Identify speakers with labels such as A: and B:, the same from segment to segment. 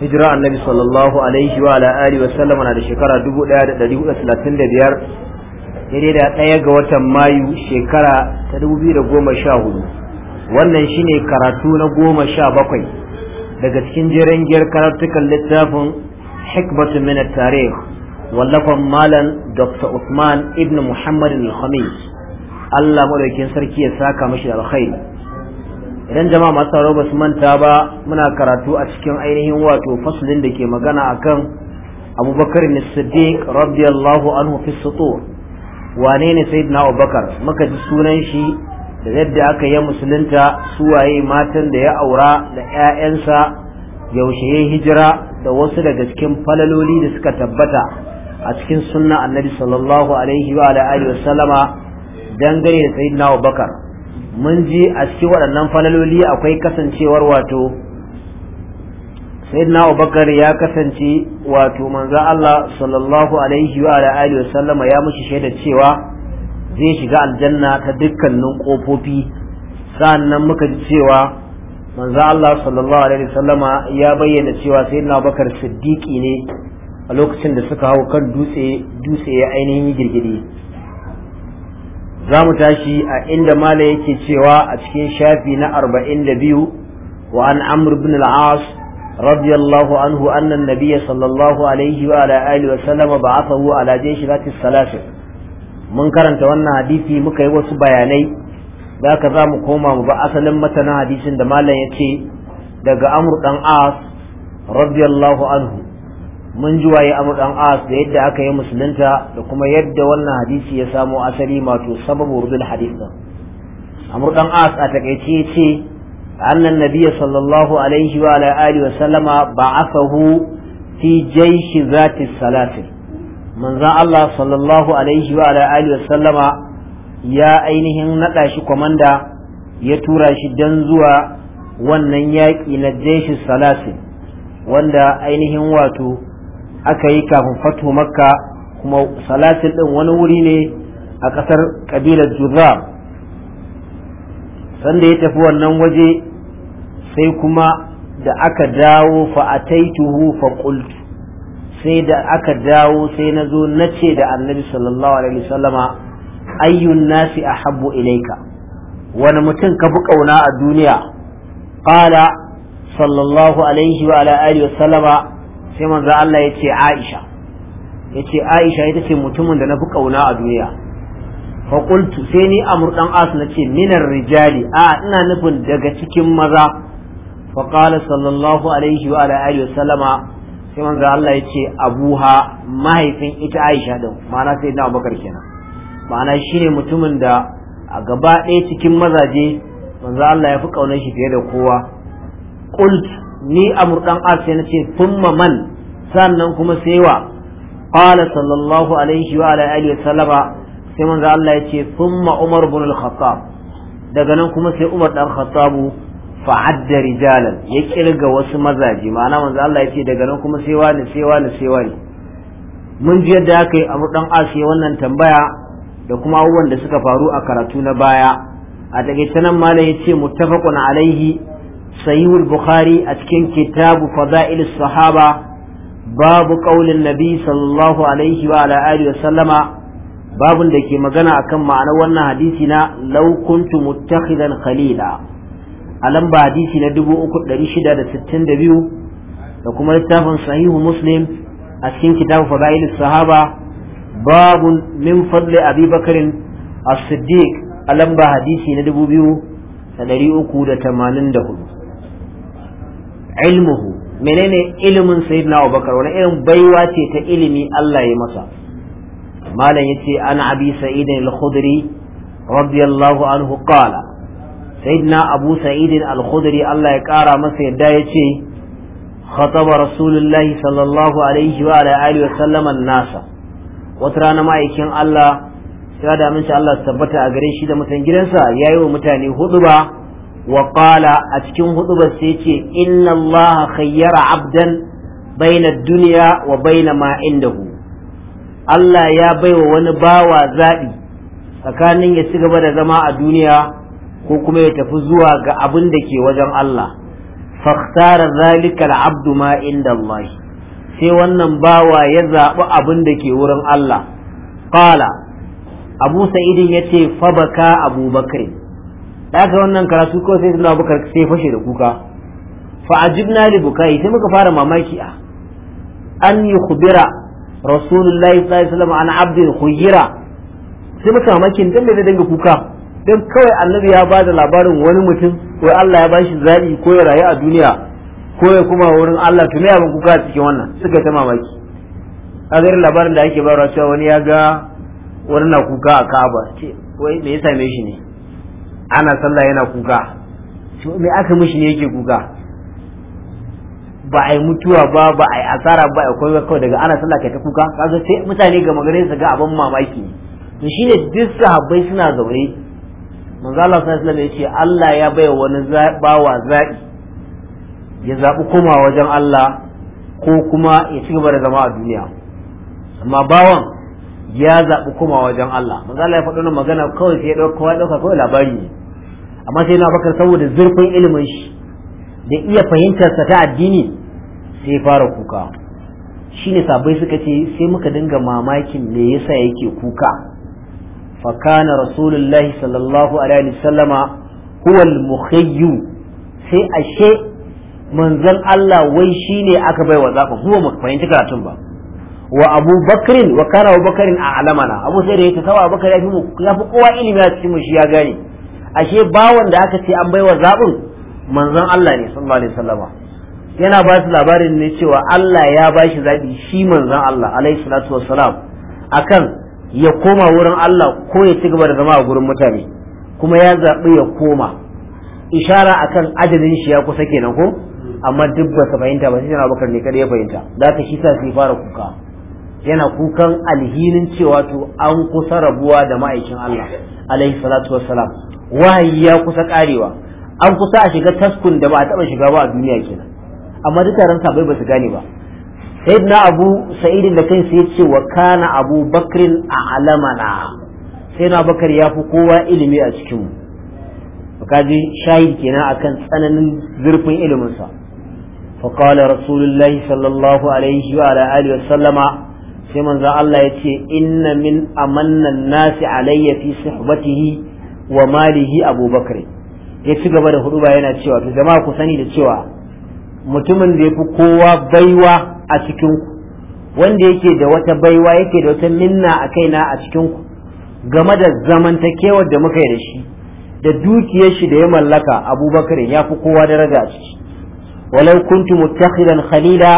A: hijira annabi sallallahu alaihi wa ala wa sallam na da shekara 1435 daidai da ɗaya ga watan mayu shekara ta 2014 wannan shine karatu na goma sha bakwai daga cikin jirangiyar karatukan littafin hikmatu min tarikh wallafan malam dr usman ibn muhammad al-khamis Allah madaukin sarki ya saka mashi alkhairi idan jama'a masu sauraro ba su manta ba muna karatu a cikin ainihin wato fasulin da ke magana akan abubakar ne siddiq radiyallahu anhu fi sutur wane ne sayyidina abubakar muka ji sunan shi da yadda aka yi musulunta suwaye matan da ya aura da 'ya'yansa yaushe ya hijira da wasu daga cikin falaloli da suka tabbata a cikin sunna annabi sallallahu alaihi wa alihi wa sallama dangane da sayyidina abubakar mun ji a cikin waɗannan falaloli akwai kasancewar wato sayyidina Abubakar ya kasance wato manzo Allah sallallahu alaihi wa alihi wa sallama ya mushi shaida cewa zai shiga aljanna ta dukkanin kofofi sannan muka ji cewa manzo Allah sallallahu alaihi wa sallama ya bayyana cewa sayyidina Abubakar siddiqi ne a lokacin da suka hau kan dutse dutse ya ainihin girgide za mu tashi a inda mala yake cewa a cikin shafi na arba'in da biyu wa an amr bin al'as radiyallahu anhu annan nabiya sallallahu alaihi wa ala alihi wa sallama ba'athahu ala shi zati salasin mun karanta wannan hadisi muka yi wasu bayanai da ka za mu koma mu ba asalin matanin hadisin da malam ya ce daga amr dan as radiyallahu anhu mun ji waye abu dan as da yadda aka yi musulunta da kuma yadda wannan hadisi ya samo asali mato sababu rudul hadis din amru dan as a takaice yace annan nabiy sallallahu alaihi wa ala alihi wa sallama ba'athahu fi jayshi zati salatin manzon Allah sallallahu alaihi wa ala alihi wa sallama ya ainihin nada shi komanda ya tura shi dan zuwa wannan yaƙi na jayshi salatin wanda ainihin wato aka yi kafin fatu makka kuma salatin din wani wuri ne a ƙasar ƙabilar juzam sanda ya tafi wannan waje sai kuma da aka dawo fa'ataituhu fa qultu sai da aka dawo sai na zo na ce da annabi sallallahu alaihi wasallama ayyun nasi ahabbu ilaika wani mutum ka fi ƙauna a duniya ƙala sallallahu alaihi wa ala alihi wasallama sai manzo Allah ya ce Aisha ya ce Aisha ita ce mutumin da na fi kauna a duniya fa sai ni amur dan As na ce minar rijali a ina nufin daga cikin maza fa qala sallallahu alaihi wa alihi sallama sai manzo Allah ya ce abuha mahaifin ita Aisha ɗin, ma'ana sai na Abubakar kenan ma'ana shine mutumin da a gaba ɗaya cikin mazaje manzo Allah ya fi kaunar shi fiye da kowa qultu ni amur dan as sai nace thumma man sannan kuma sai wa qala sallallahu alaihi wa ala alihi sallama sai manzo Allah ya ce thumma umar ibn al-khattab daga nan kuma sai umar dan khattab fa adda rijalan ya kirga wasu mazaji ma'ana manzo Allah ya ce daga nan kuma sai ne sai ne sai ne. mun ji yadda aka yi amr dan as wannan tambaya da kuma abubuwan da suka faru a karatu na baya a daga nan malai ya ce muttafaqun alaihi sahihul bukhari a cikin kitabu fada'il sahaba babu qaulin nabi sallallahu alaihi wa ala alihi da ke magana kan ma'anar wannan hadisi na law kuntu muttakhidan khalila a lamba hadisi na 3662 da kuma littafin sahihu muslim a cikin kitabu fada'il sahaba babu min fadli abi bakarin as-siddiq a lamba hadisi na ilmuhu menene ilimin sayyidina abubakar wani irin baiwa ce ta ilimi Allah ya masa malam yace an abi sa'id al-khudri radiyallahu anhu qala sayyidina abu sa'id al-khudri Allah ya kara masa yadda yace خطب رسول sallallahu alaihi wa عليه وعلى آله وسلم الناس وترانا ما يكين الله sai da Allah tabbata a gare shi da mutan gidansa ya yi wa mutane hudu ba wa qala a cikin hudubar sai ce inna allaha khayyara abdan baina duniya wa baina ma indahu Allah ya baiwa wani bawa zaɓi tsakanin ya ci gaba da zama a duniya ko kuma ya tafi zuwa ga abin da ke wajen Allah fakhtara zalika al-abdu ma inda Allah sai wannan bawa ya zaɓi abin da ke wurin Allah qala abu sa'idin ya ce fabaka abubakar da aka wannan karatu ko sai suna Abubakar sai fashe da kuka fa ajibna li bukai sai muka fara mamaki a ah, an yi khubira rasulullahi sallallahu alaihi wasallam an abdin khuyira sai muka mamaki dan me zai dinga kuka dan kawai annabi ya bada labarin wani mutum ko Allah ya bashi zabi ko ya rayu a duniya ko ya kuma wurin Allah to me abin kuka cikin wannan suka ta mamaki a labarin da ake bayarwa cewa wani ya ga wani na kuka a Ka'aba ce wai me ya same shi ne ana sallah yana kuka to me aka mishi ne yake kuka ba a yi mutuwa ba ba a yi asara ba a koyi kawai daga ana sallah kai ta kuka kaga sai mutane ga magare su ga abin mamaki to shine duk sahabbai suna zaune manzo Allah sallallahu alaihi wasallam yace Allah ya bai wani bawa za'i ya zabi koma wajen Allah ko kuma ya ci gaba da zama a duniya amma bawan ya zabi koma wajen Allah manzo Allah ya faɗo magana kawai sai ya dauka kawai dauka kawai labari ne amma sai na bakar saboda zurfin ilimin shi da iya fahimtar sa ta addini sai ya fara kuka shine sabai suka ce sai muka dinga mamakin me yasa yake kuka fa kana rasulullahi sallallahu alaihi wasallama huwa al-mukhayyu sai ashe manzon Allah wai shine aka bai wa zaka kuma mu fahimci karatun ba wa Abu Bakrin wa kana Abu Bakrin a alamana Abu Sa'id ya tawa Abu ya fi kowa ilimi a cikin mu shi ya gane ashe bawan da aka ce an baiwa zaɓin manzon Allah ne sallallahu alaihi wasallama yana ba su labarin ne cewa Allah ya ba shi zaɓi shi manzon Allah alaihi salatu wassalam akan ya koma wurin Allah ko ya ci gaba da zama a gurin mutane kuma ya zaɓi ya koma ishara akan adadin shi ya kusa kenan ko amma duk ba fahimta ba sai na bakar ne kada ya fahimta da ka shi sa sai fara kuka yana kukan alhinin cewa to an kusa rabuwa da ma'aikin Allah alaihi salatu wassalam wahayi ya kusa karewa an kusa a shiga taskun da ba a taba shiga ba a duniya kenan amma duk taron sabai ba su gane ba sayyidina abu sa'idin da kansa ya ce wa kana abu bakrin a alamana sayyidina bakar ya fi kowa ilimi a cikin mu kaji shahid kenan akan tsananin zurfin iliminsa fa qala rasulullahi sallallahu alaihi wa alihi wa sallama. sai manzon Allah ya ce inna min amannan nasi alayya fi suhbatihi wa malihi abubakar ya ci gaba da hudu yana cewa to jama'a ku sani da cewa mutumin da yafi fi kowa baiwa a cikin ku wanda yake da wata baiwa yake da wata minna a kaina a cikin ku game da zamantakewar da muka yi da shi da dukiyar shi da ya mallaka abubakar ya fi kowa daraja a ciki walau kuntu muttakhidan khalila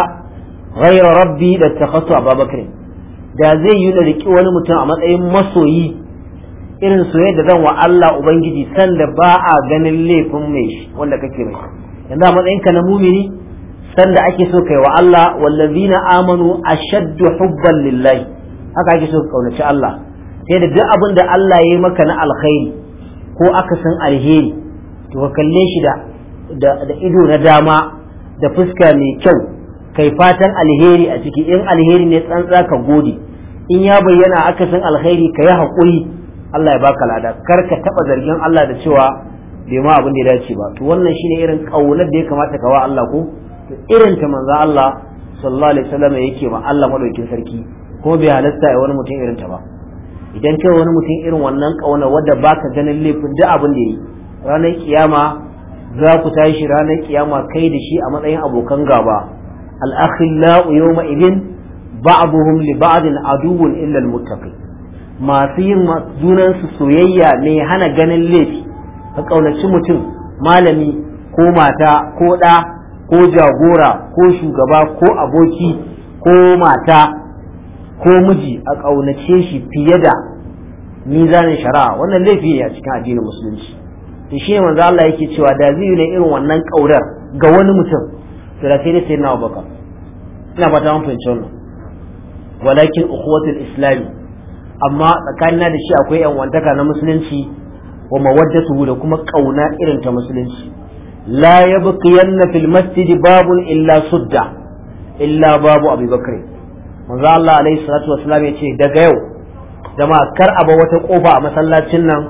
A: ghayra rabbi da takhassu abubakar da zai yi na riƙi wani mutum a matsayin masoyi irin soyayya da zan wa Allah ubangiji sanda ba a ganin laifin mai shi wanda kake mai yanzu a matsayin ka na mumini sanda ake so kai wa Allah wallazina amanu ashaddu hubban lillahi haka ake so ka kaunaci Allah sai da duk abin da Allah ya maka na alkhairi ko aka san alheri to ka kalle shi da ido na dama da fuska mai kyau kai fatan alheri a ciki in alheri ne tsantsa ka gode in ya bayyana akasin alheri ka yi haƙuri Allah ya baka lada kar ka taɓa zargin Allah da cewa bai ma abin da ya dace ba to wannan shine irin ƙaunar da ya kamata ka wa Allah ko irin ta manzo Allah sallallahu alaihi wasallam yake ma Allah madaukin sarki ko bai halatta ya wani mutum irin ta ba idan kai wani mutum irin wannan ƙauna wadda baka ganin laifin duk abin da yi ranar kiyama za ku tashi ranar kiyama kai da shi a matsayin abokan gaba al-akhillau yawma idin ba'duhum li ba'din aduwwun illa al-muttaqin masu yin junan su soyayya ne hana ganin laifi ka ƙaunaci mutum malami ko mata ko ɗa ko jagora ko shugaba ko aboki ko mata ko miji a ƙaunace shi fiye da mizanin shari'a wannan laifi ne a cikin addinin musulunci to shi yake cewa da zai ne irin wannan ƙaurar ga wani mutum to da sai dai sai na abubakar ina fata mun fahimci wannan walakin ukhuwatul islami amma tsakanina da shi akwai yan wantaka na musulunci wa mawaddatuhu da kuma kauna irin ta musulunci la yabqiyanna fil masjid babun illa sudda illa babu abubakar manzo Allah alaihi salatu wassalam ce daga yau jama'a kar a ba wata kofa a masallacin nan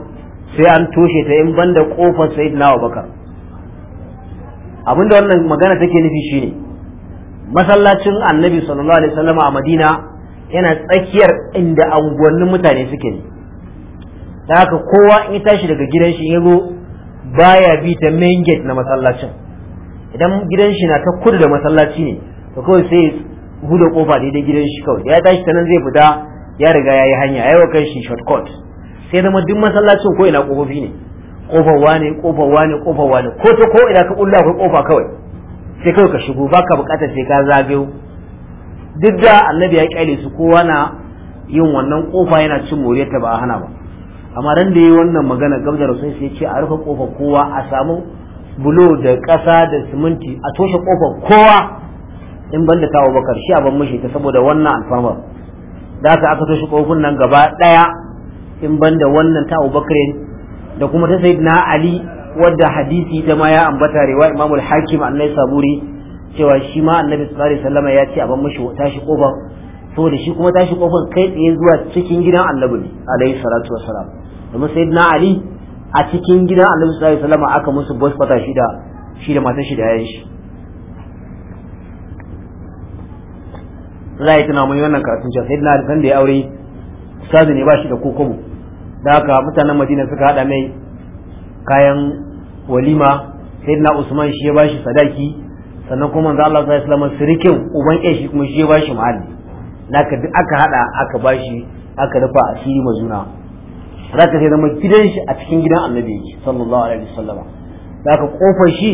A: sai an toshe ta in banda kofar sayyidina abubakar abinda wannan magana take nufi shine masallacin annabi sallallahu alaihi wasallam a madina yana tsakiyar inda anguwannin mutane suke ne da haka kowa in ya tashi daga gidan shi ya zo baya bi ta main gate na masallacin idan gidan shi na ta kudu da masallaci ne to kawai sai huda kofa daidai gidan shi kawai ya tashi ta nan zai fita ya riga ya yi hanya ya yi wa kan shi shortcut sai zama duk masallacin ko ina kofofi ne kofar wane kofar wane kofar wane ko ta ko ina ka kulla akwai kofa kawai sai kawai ka shigo baka bukata sai ka zagayo duk da annabi ya kyale su kowa na yin wannan kofa yana cin moriyarta ba a hana ba amma ran da yi wannan magana gabda da sai ya ce a rufe kofa kowa a samu bulo da kasa da siminti a toshe kofar kowa in banda kawo bakar shi a ban ta saboda wannan alfarmar da aka aka toshe kofin nan gaba ɗaya in banda wannan ta da kuma ta na ali wadda hadisi ta ma ya ambata rewa imamu al-hakim annai saburi cewa shi ma annabi sallallahu alaihi wasallam ya ce a ban mishi tashi kofa saboda shi kuma tashi kofar kai tsaye zuwa cikin gidan annabi ne alaihi salatu wassalam domin sayyidina ali a cikin gidan annabi sallallahu alaihi wasallam aka musu bos fata shi da shi da matar shi da yayin shi za a yi tuna mun wannan karatun cewa sayyidina ali san da ya aure sazi ne ba shi da kokobo da haka mutanen madina suka hada mai kayan walima sai na usman shi ya bashi sadaki sannan kuma manzo Allah sallallahu alaihi sirikin uban shi kuma shi ya bashi mahalli naka duk aka hada aka bashi aka rufa asiri mazuna zaka sai zama gidan shi a cikin gidan annabi sallallahu alaihi wasallam zaka kofar shi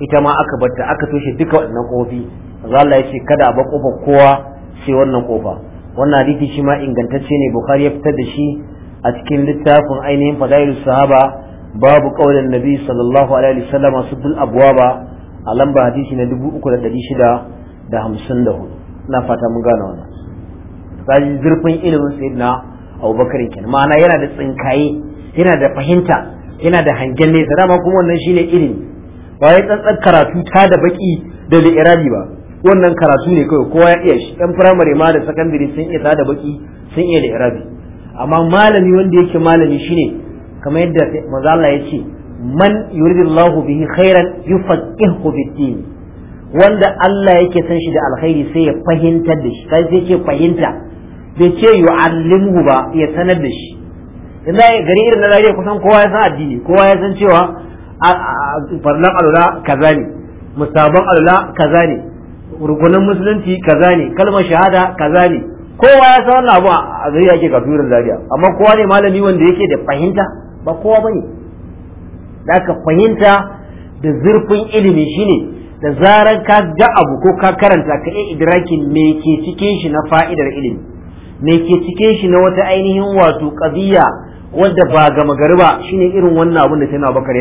A: ita ma aka batta aka toshe duka wannan kofi manzo Allah ya kada a ba kofar kowa sai wannan kofa wannan hadisi shi ma ingantacce ne bukhari ya fitar da shi a cikin littafin ainihin fadailu sahaba babu kaulin nabi sallallahu alaihi wasallam sudul ba a lamba hadisi na 3654 na fata mun gane wannan sai zurfin ilimin sayyidina Abubakar kenan ma'ana yana da tsinkaye yana da fahimta yana da hangen Da dama kuma wannan shine ilimi ba ya tsantsar karatu ta da baki da li'irabi ba wannan karatu ne kawai kowa ya iya shi yan firamare ma da sakandare sun iya ta da baki sun iya li'irabi amma malami wanda yake malami shine kamar yadda manzo Allah ya ce man yuridillahu bihi khairan yufaqihu bid-din wanda Allah yake san shi da alkhairi sai ya fahimtar da shi kai sai ce fahimta bai ce yu'allimuhu ba ya sanar da shi yanzu gari irin na zariya kusan kowa ya san addini kowa ya san cewa farlan alula kaza ne musabban alula kaza ne rukunin musulunci kaza ne kalmar shahada kaza ne kowa ya san wannan abu a zai yake kafirin zariya amma kowa ne malami wanda yake da fahimta ba kowa ba ne. da ka fahimta da zurfin ilimi shine da zarar ka ga abu ko ka karanta ka iya idrakin me ke cikin shi na fa'idar ilimi me ke cike shi na wata ainihin wato qadiya wadda ba ga magari ba shine irin wannan abin da sai na bakare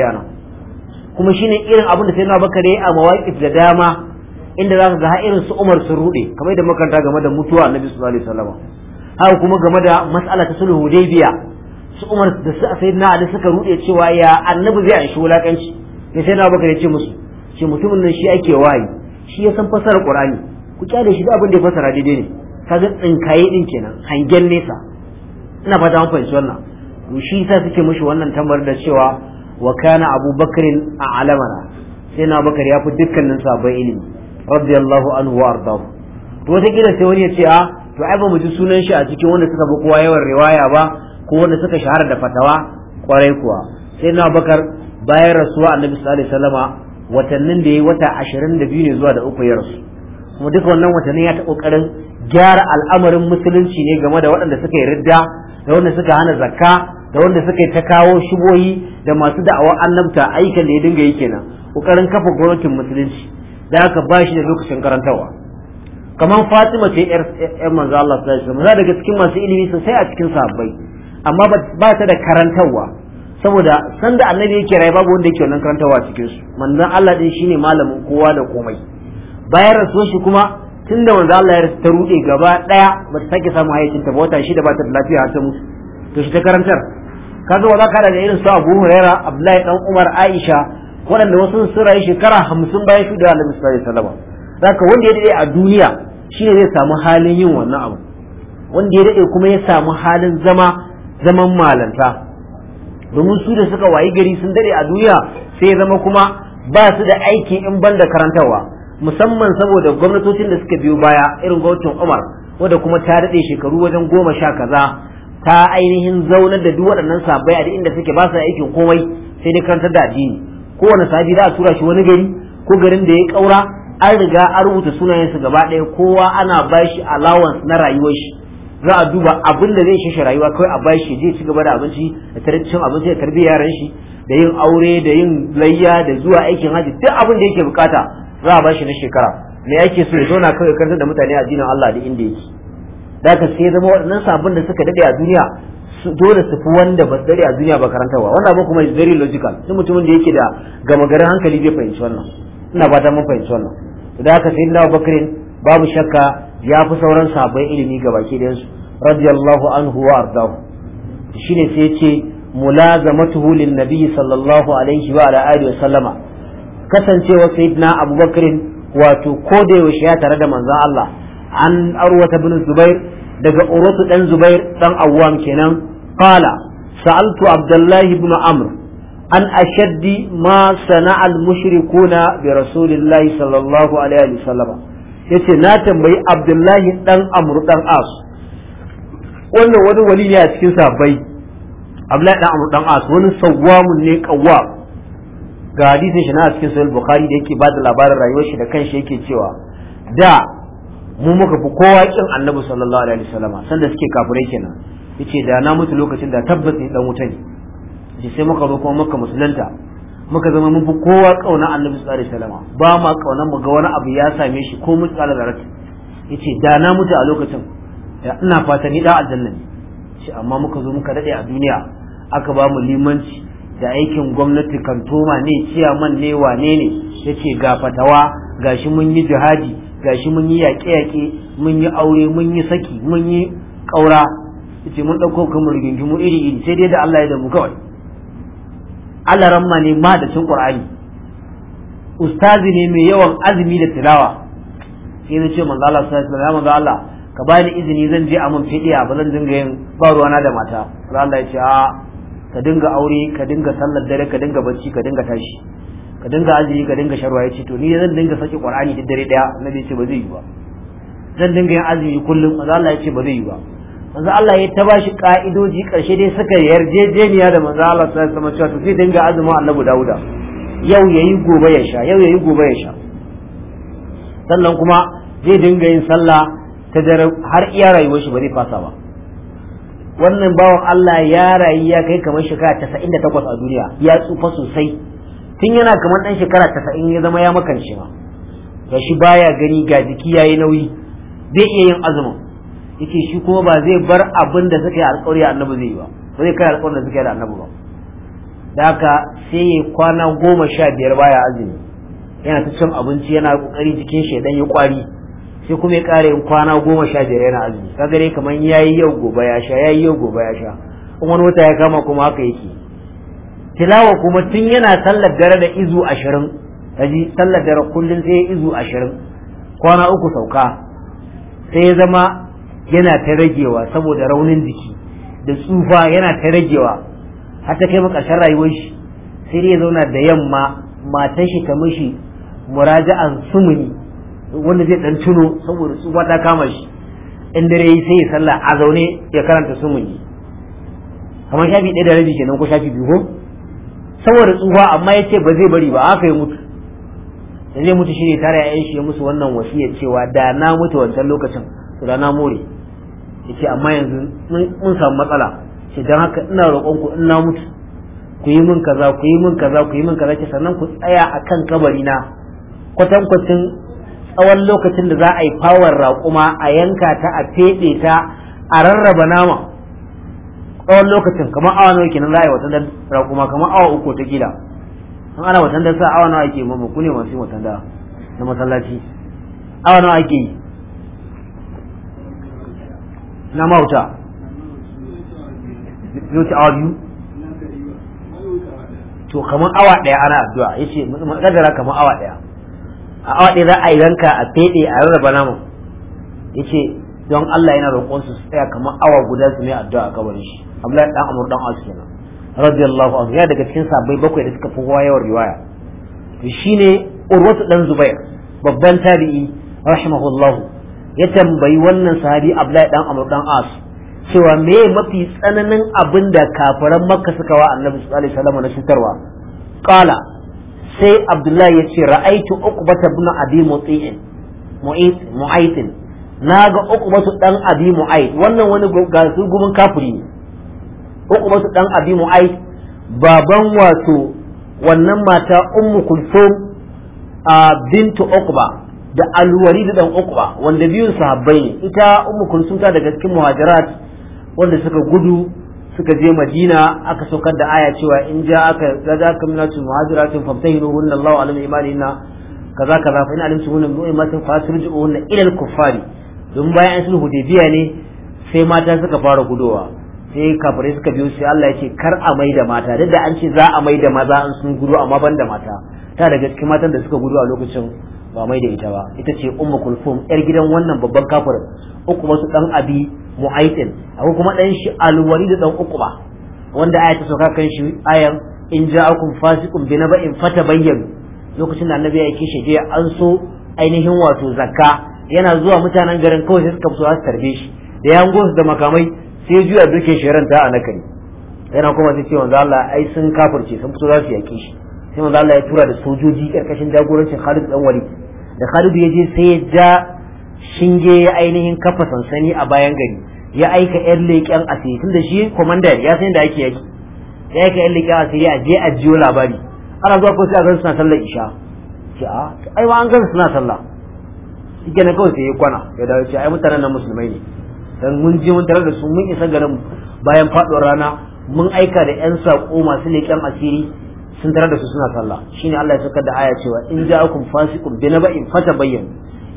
A: kuma shine irin abin da sai na bakare a mawaƙif da dama inda za ka ga har irin su Umar sun rude kamar da makaranta game da mutuwa nabi sallallahu alaihi wasallam haka kuma game da mas'ala ta sulhu Hudaybiya su Umar da su Sayyidina Ali suka rude cewa ya Annabi zai anshi wulakanci sai na Abubakar ya ce musu ce mutumin nan shi ake waye, shi ya san fasarar Qur'ani ku kyale shi da abin da ya fasara daidai ne kaga tsinkaye din kenan hangen nesa ina fata mun fahimci wannan shi sa suke mishi wannan tambar da cewa wa kana abubakarin a alamara sai na bakar ya fi dukkanin sabon ilimi radiyallahu anhu wa ardahu to wata kila sai wani ya ce a to ai ba mu ji sunan shi a cikin wanda suka bi kowa yawan riwaya ba ko wanda suka shahara da fatawa kwarai kuwa sai na bakar bayan rasuwa annabi sallallahu alaihi wasallama watannin da yayi wata ashirin da biyu ne zuwa da uku ya rasu kuma duka wannan watannin ya ta kokarin gyara al'amarin musulunci ne game da waɗanda suka yi ridda da wanda suka hana zakka da wanda suka yi ta kawo shubohi da masu da'awar annabta aikan da ya dinga yi kenan kokarin kafa gwamnatin musulunci da aka ba shi da lokacin karantawa kamar Fatima ce yar manzo Allah sallallahu alaihi wasallam daga cikin masu ilimi sosai a cikin sahabbai amma ba ta da karantawa saboda sanda annabi yake rayu babu wanda yake wannan karantawa a cikin su manzo Allah din shine malamin kowa da komai bayan rasuwar shi kuma tunda manzo Allah ya ta rude gaba daya ba ta sake samun hayyacin ta ba wata shi da ba ta da lafiya har ta mutu to shi ta karantar kaga wa za ka da irin su Abu Huraira Abdullahi dan Umar Aisha waɗanda wasu sun rayu shekara hamsin bayan shuɗe a nabi sallallahu alaihi wasallam zaka wanda ya daɗe a duniya shi ne zai samu halin yin wannan abu wanda ya dade kuma ya samu halin zama zaman malanta domin su da suka wayi gari sun daɗe a duniya sai ya zama kuma ba su da aiki in ban da karantarwa musamman saboda gwamnatocin da suka biyo baya irin gwamnatin Umar wanda kuma ta daɗe shekaru wajen goma sha kaza ta ainihin zaunar da duk waɗannan sabai a inda suke ba su aikin komai sai dai karantar da addini kowane sahabi za a tura shi wani gari ko garin da ya kaura an riga an rubuta sunayensa gaba ɗaya kowa ana bashi allowance na rayuwar shi za a duba abin da zai shashe rayuwa kawai a bashi zai ci gaba da abinci da tarbiyyar abinci da tarbiyyar yaran shi da yin aure da yin layya da zuwa aikin haji duk abin da yake bukata za a bashi na shekara me yake so ya zauna kawai karanta da mutane addinin Allah da inda yake da ka sai zama waɗannan sabbin da suka dade a duniya dole su fi wanda ba dare a duniya ba karantarwa wannan abin kuma is very logical sun mutumin da yake da gama garin hankali bai fahimci wannan ina ta mun fahimci wannan da aka sayi na bakrin babu shakka ya fi sauran sabon ilimi ga baki da yansu radiyallahu anhu wa ardahu ne sai yace mulazamatuhu lin nabi sallallahu alaihi wa ala alihi wa sallama kasancewa sayyidina abubakrin wato ko da yaushe ya tare da manzon Allah an arwata bin zubair daga urutu dan zubair dan awwam kenan qala sa'altu abdullahi ibn amr an ashaddi ma sana'a al-mushrikuna bi rasulillahi sallallahu alaihi wa sallam yace na tambayi abdullahi ɗan amr ɗan as wannan wani wali ne a cikin sahabbai abdullahi ɗan amr ɗan as wani sawwamun ne qawwam ga hadisin shi na cikin sahih bukhari da yake ba da labarin rayuwar shi da kanshi yake cewa da mu muka fi kowa kin annabi sallallahu alaihi wasallama sanda suke kafirai kenan yace da na mutu lokacin da tabbas ne dan wuta ne yace sai muka zo kuma muka musulunta muka zama mun fi kowa kauna annabi sallallahu alaihi wasallama ba ma kaunan mu ga wani abu ya same shi ko mun tsala zarat yace da na mutu a lokacin da ina fata ni da aljanna ne shi amma muka zo muka dade a duniya aka ba mu limanci da aikin gwamnati kantoma ne ciyaman ne wane ne yace ga fatawa gashi mun yi jihadi gashi mun yi yaƙe-yaƙe mun yi aure mun yi saki mun yi ƙaura ce mun ɗauko kamar rigingimu iri iri sai dai da Allah ya damu kawai Allah ramma ne ma da cin ƙur'ani ustazi ne mai yawan azumi da tilawa sai na ce manzo Allah sai alaihi wasallam Allah ka bani izini zan je a mun fidiya ba zan dinga yin ba ruwana da mata sai Allah ya ce a ka dinga aure ka dinga sallar dare ka dinga bacci ka dinga tashi ka dinga azumi ka dinga sharwa ya ce to ni zan dinga saki qur'ani duk dare daya annabi ce ba zai yi ba zan dinga yin azumi kullum manzo Allah ya ce ba zai yi ba manzo Allah ya ta bashi ka'idoji karshe dai suka yarjejeniya da manzo Allah sallallahu alaihi wasallam cewa to zai dinga azumin annabi Dawuda yau yayi gobe ya sha yau yayi gobe ya sha sannan kuma zai dinga yin sallah ta dare har iya rayuwar shi ba zai fasa ba wannan bawan Allah ya rayu ya kai kamar shekara 98 a duniya ya tsufa sosai tun yana kamar ɗan shekara tasa'in ya zama ya makance ma ga shi baya gani ga jiki yayi nauyi zai iya yin azumin yake shi kuma ba zai bar abin da suka yi alƙawari annabi zai yi ba ba zai kai alƙawarin da suka yi da annabi ba da haka sai ya kwana goma sha biyar baya azumi yana ta cin abinci yana ƙoƙari jikin shi dan ya kwari sai kuma ya ƙara yin kwana goma sha biyar yana azumi kaga dai kamar yayi yau gobe ya sha yayi yau gobe ya sha kuma wani wata ya kama kuma haka yake tilawa kuma tun yana sallar dare da izu ashirin kaji sallar dare kullum sai izu ashirin kwana uku sauka sai ya zama yana ta ragewa saboda raunin jiki da tsufa yana ta ragewa har ta kai ƙarshen rayuwar shi sai dai ya zauna da yamma matan shi ta mishi muraja'an sumuni wanda zai dan tuno saboda tsufa ta kama shi in dare yi sai ya sallah a zaune ya karanta sumuni kamar shafi ɗaya da rabi kenan ko shafi biyu ko saboda tsufa amma ya ce ba zai bari ba haka ya mutu da zai mutu shine tare yayan shi ya musu wannan wasiya cewa da na mutu wancan lokacin to da na more yace amma yanzu mun samu matsala ce dan haka ina roƙon ku in na mutu ku yi min kaza ku yi min kaza ku yi min kaza sannan ku tsaya akan kabari na Kwatan-kwatan tsawon lokacin da za a yi fawar raƙuma a yanka ta a feɗe ta a rarraba nama tsawon lokacin kamar awa nawa kenan za a yi watan da kuma kamar awa uku ta gida in ana watan da sa awa nawa ake mamu ku ne masu watan da na masallaci awa nawa ake yi na mawuta yau ta awa biyu to kamar awa ɗaya ana addu'a ya ce kadara kamar awa ɗaya a awa ɗaya za a yi ranka a feɗe a rarraba namu ya ce don Allah yana roƙon su tsaya kamar awa guda su mai addu'a a kabarin shi abdullahi dan amur dan asu kenan radiyallahu anhu ya daga cikin sabai bakwai da suka fi wayewar riwaya to shine urwatu dan zubair babban tabi'i rahimahullahu ya tambayi wannan sahabi abdullahi dan amur dan as cewa me mafi tsananin abin da kafiran makka suka wa annabi sallallahu alaihi wasallam na shitarwa qala sai abdullahi ya ce ra'aitu uqbata ibn abi muti'in na naga uqbatu dan abi mu'ayt wannan wani gasu gumin kafiri ne su dan abi mu'ayt baban wato wannan mata ummu kulthum a bintu ukba da da dan ukba wanda biyun sahabbai ne ita ummu kulthum ta daga cikin muhajirat wanda suka gudu suka je madina aka saukar da aya cewa in ja aka zaza ka minatu muhajiratun famtahinu hunna Allahu alim imanina kaza kaza fa in alimtu hunna mu'minatin fa turji'u ila al-kuffari don bayan sun sulhu hudaybiya ne sai mata suka fara gudowa sai kafirai suka biyo sai Allah ya ce kar a mai da mata duk da an ce za a mai da maza an sun gudu amma ban da mata ta daga cikin matan da suka gudu a lokacin ba mai da ita ba ita ce ummu kulfum yar gidan wannan babban kafirin uku su dan abi mu'aitin ko kuma dan shi alwali da dan ukuba wanda aya ta kan shi ayan in ja'akum fasiqun bi naba'in fatabayyanu lokacin da annabi ya kishi je an so ainihin wato zakka yana zuwa mutanen garin kawai sai suka so su tarbe shi da ya da makamai sai juya dukin shirin ta a nakari yana kuma sai ce manzo Allah ai sun kafirce sun fito za su yake shi sai manzo Allah ya tura da sojoji karkashin jagorancin Khalid dan Walid da Khalid ya je sai ya ja shinge ya ainihin kafa sansani a bayan gari ya aika yan leƙen asiri tun da shi komanda ya san da ake yaki ya aika yan leƙen asiri a je a jiyo labari ana zuwa ko sai a gansu suna sallar isha ce a ai an gansu suna sallah shi kenan kawai sai ya kwana ya dawo ce ai mutanen nan musulmai ne dan mun je mun tare da su mun isa garin bayan faduwar rana mun aika da yan sako masu leƙen asiri sun tare da su suna sallah shine Allah ya saka da aya cewa in ja'akum fasiqun bi naba'in fatabayyan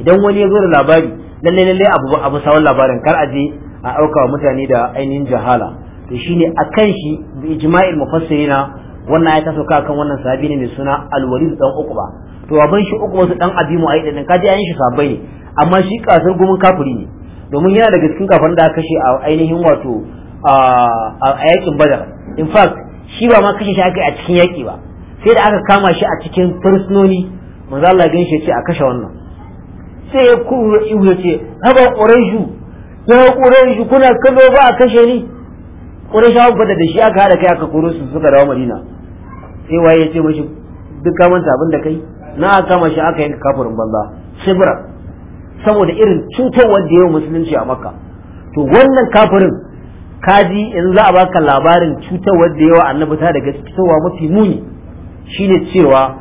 A: idan wani ya zo da labari lalle lalle abu abu sawon labarin kar a je a auka wa mutane da ainihin jahala to shine akan shi bi ijma'il mufassirina wannan ta sauka kan wannan sahabi ne mai suna al-walid dan uqba to ban shi uqba su dan abimu ayi din kaji ayin shi sabai ne amma shi kasar gumin kafiri ne domin yana daga cikin kafin da aka kashe a ainihin wato a yakin badar in fact shi ba ma kashe shi aka yi a cikin yaki ba sai da aka kama shi a cikin fursunoni manzo Allah gan shi ya ce a kashe wannan sai ya kuru ihu ya ce haba ƙuraishu ya ƙuraishu kuna kallo ba a kashe ni ƙuraishawa bada da shi aka haɗa kai aka koro su suka dawo madina sai waye ya ce mashi duk kamanta manta abin da kai na aka kama shi aka yanka kafirin banza shibra saboda irin cutarwar da yau musulunci a makka to wannan kafirin kaji in za a baka labarin cutarwar da yawa annabi ta daga fitowa mafi muni shine cewa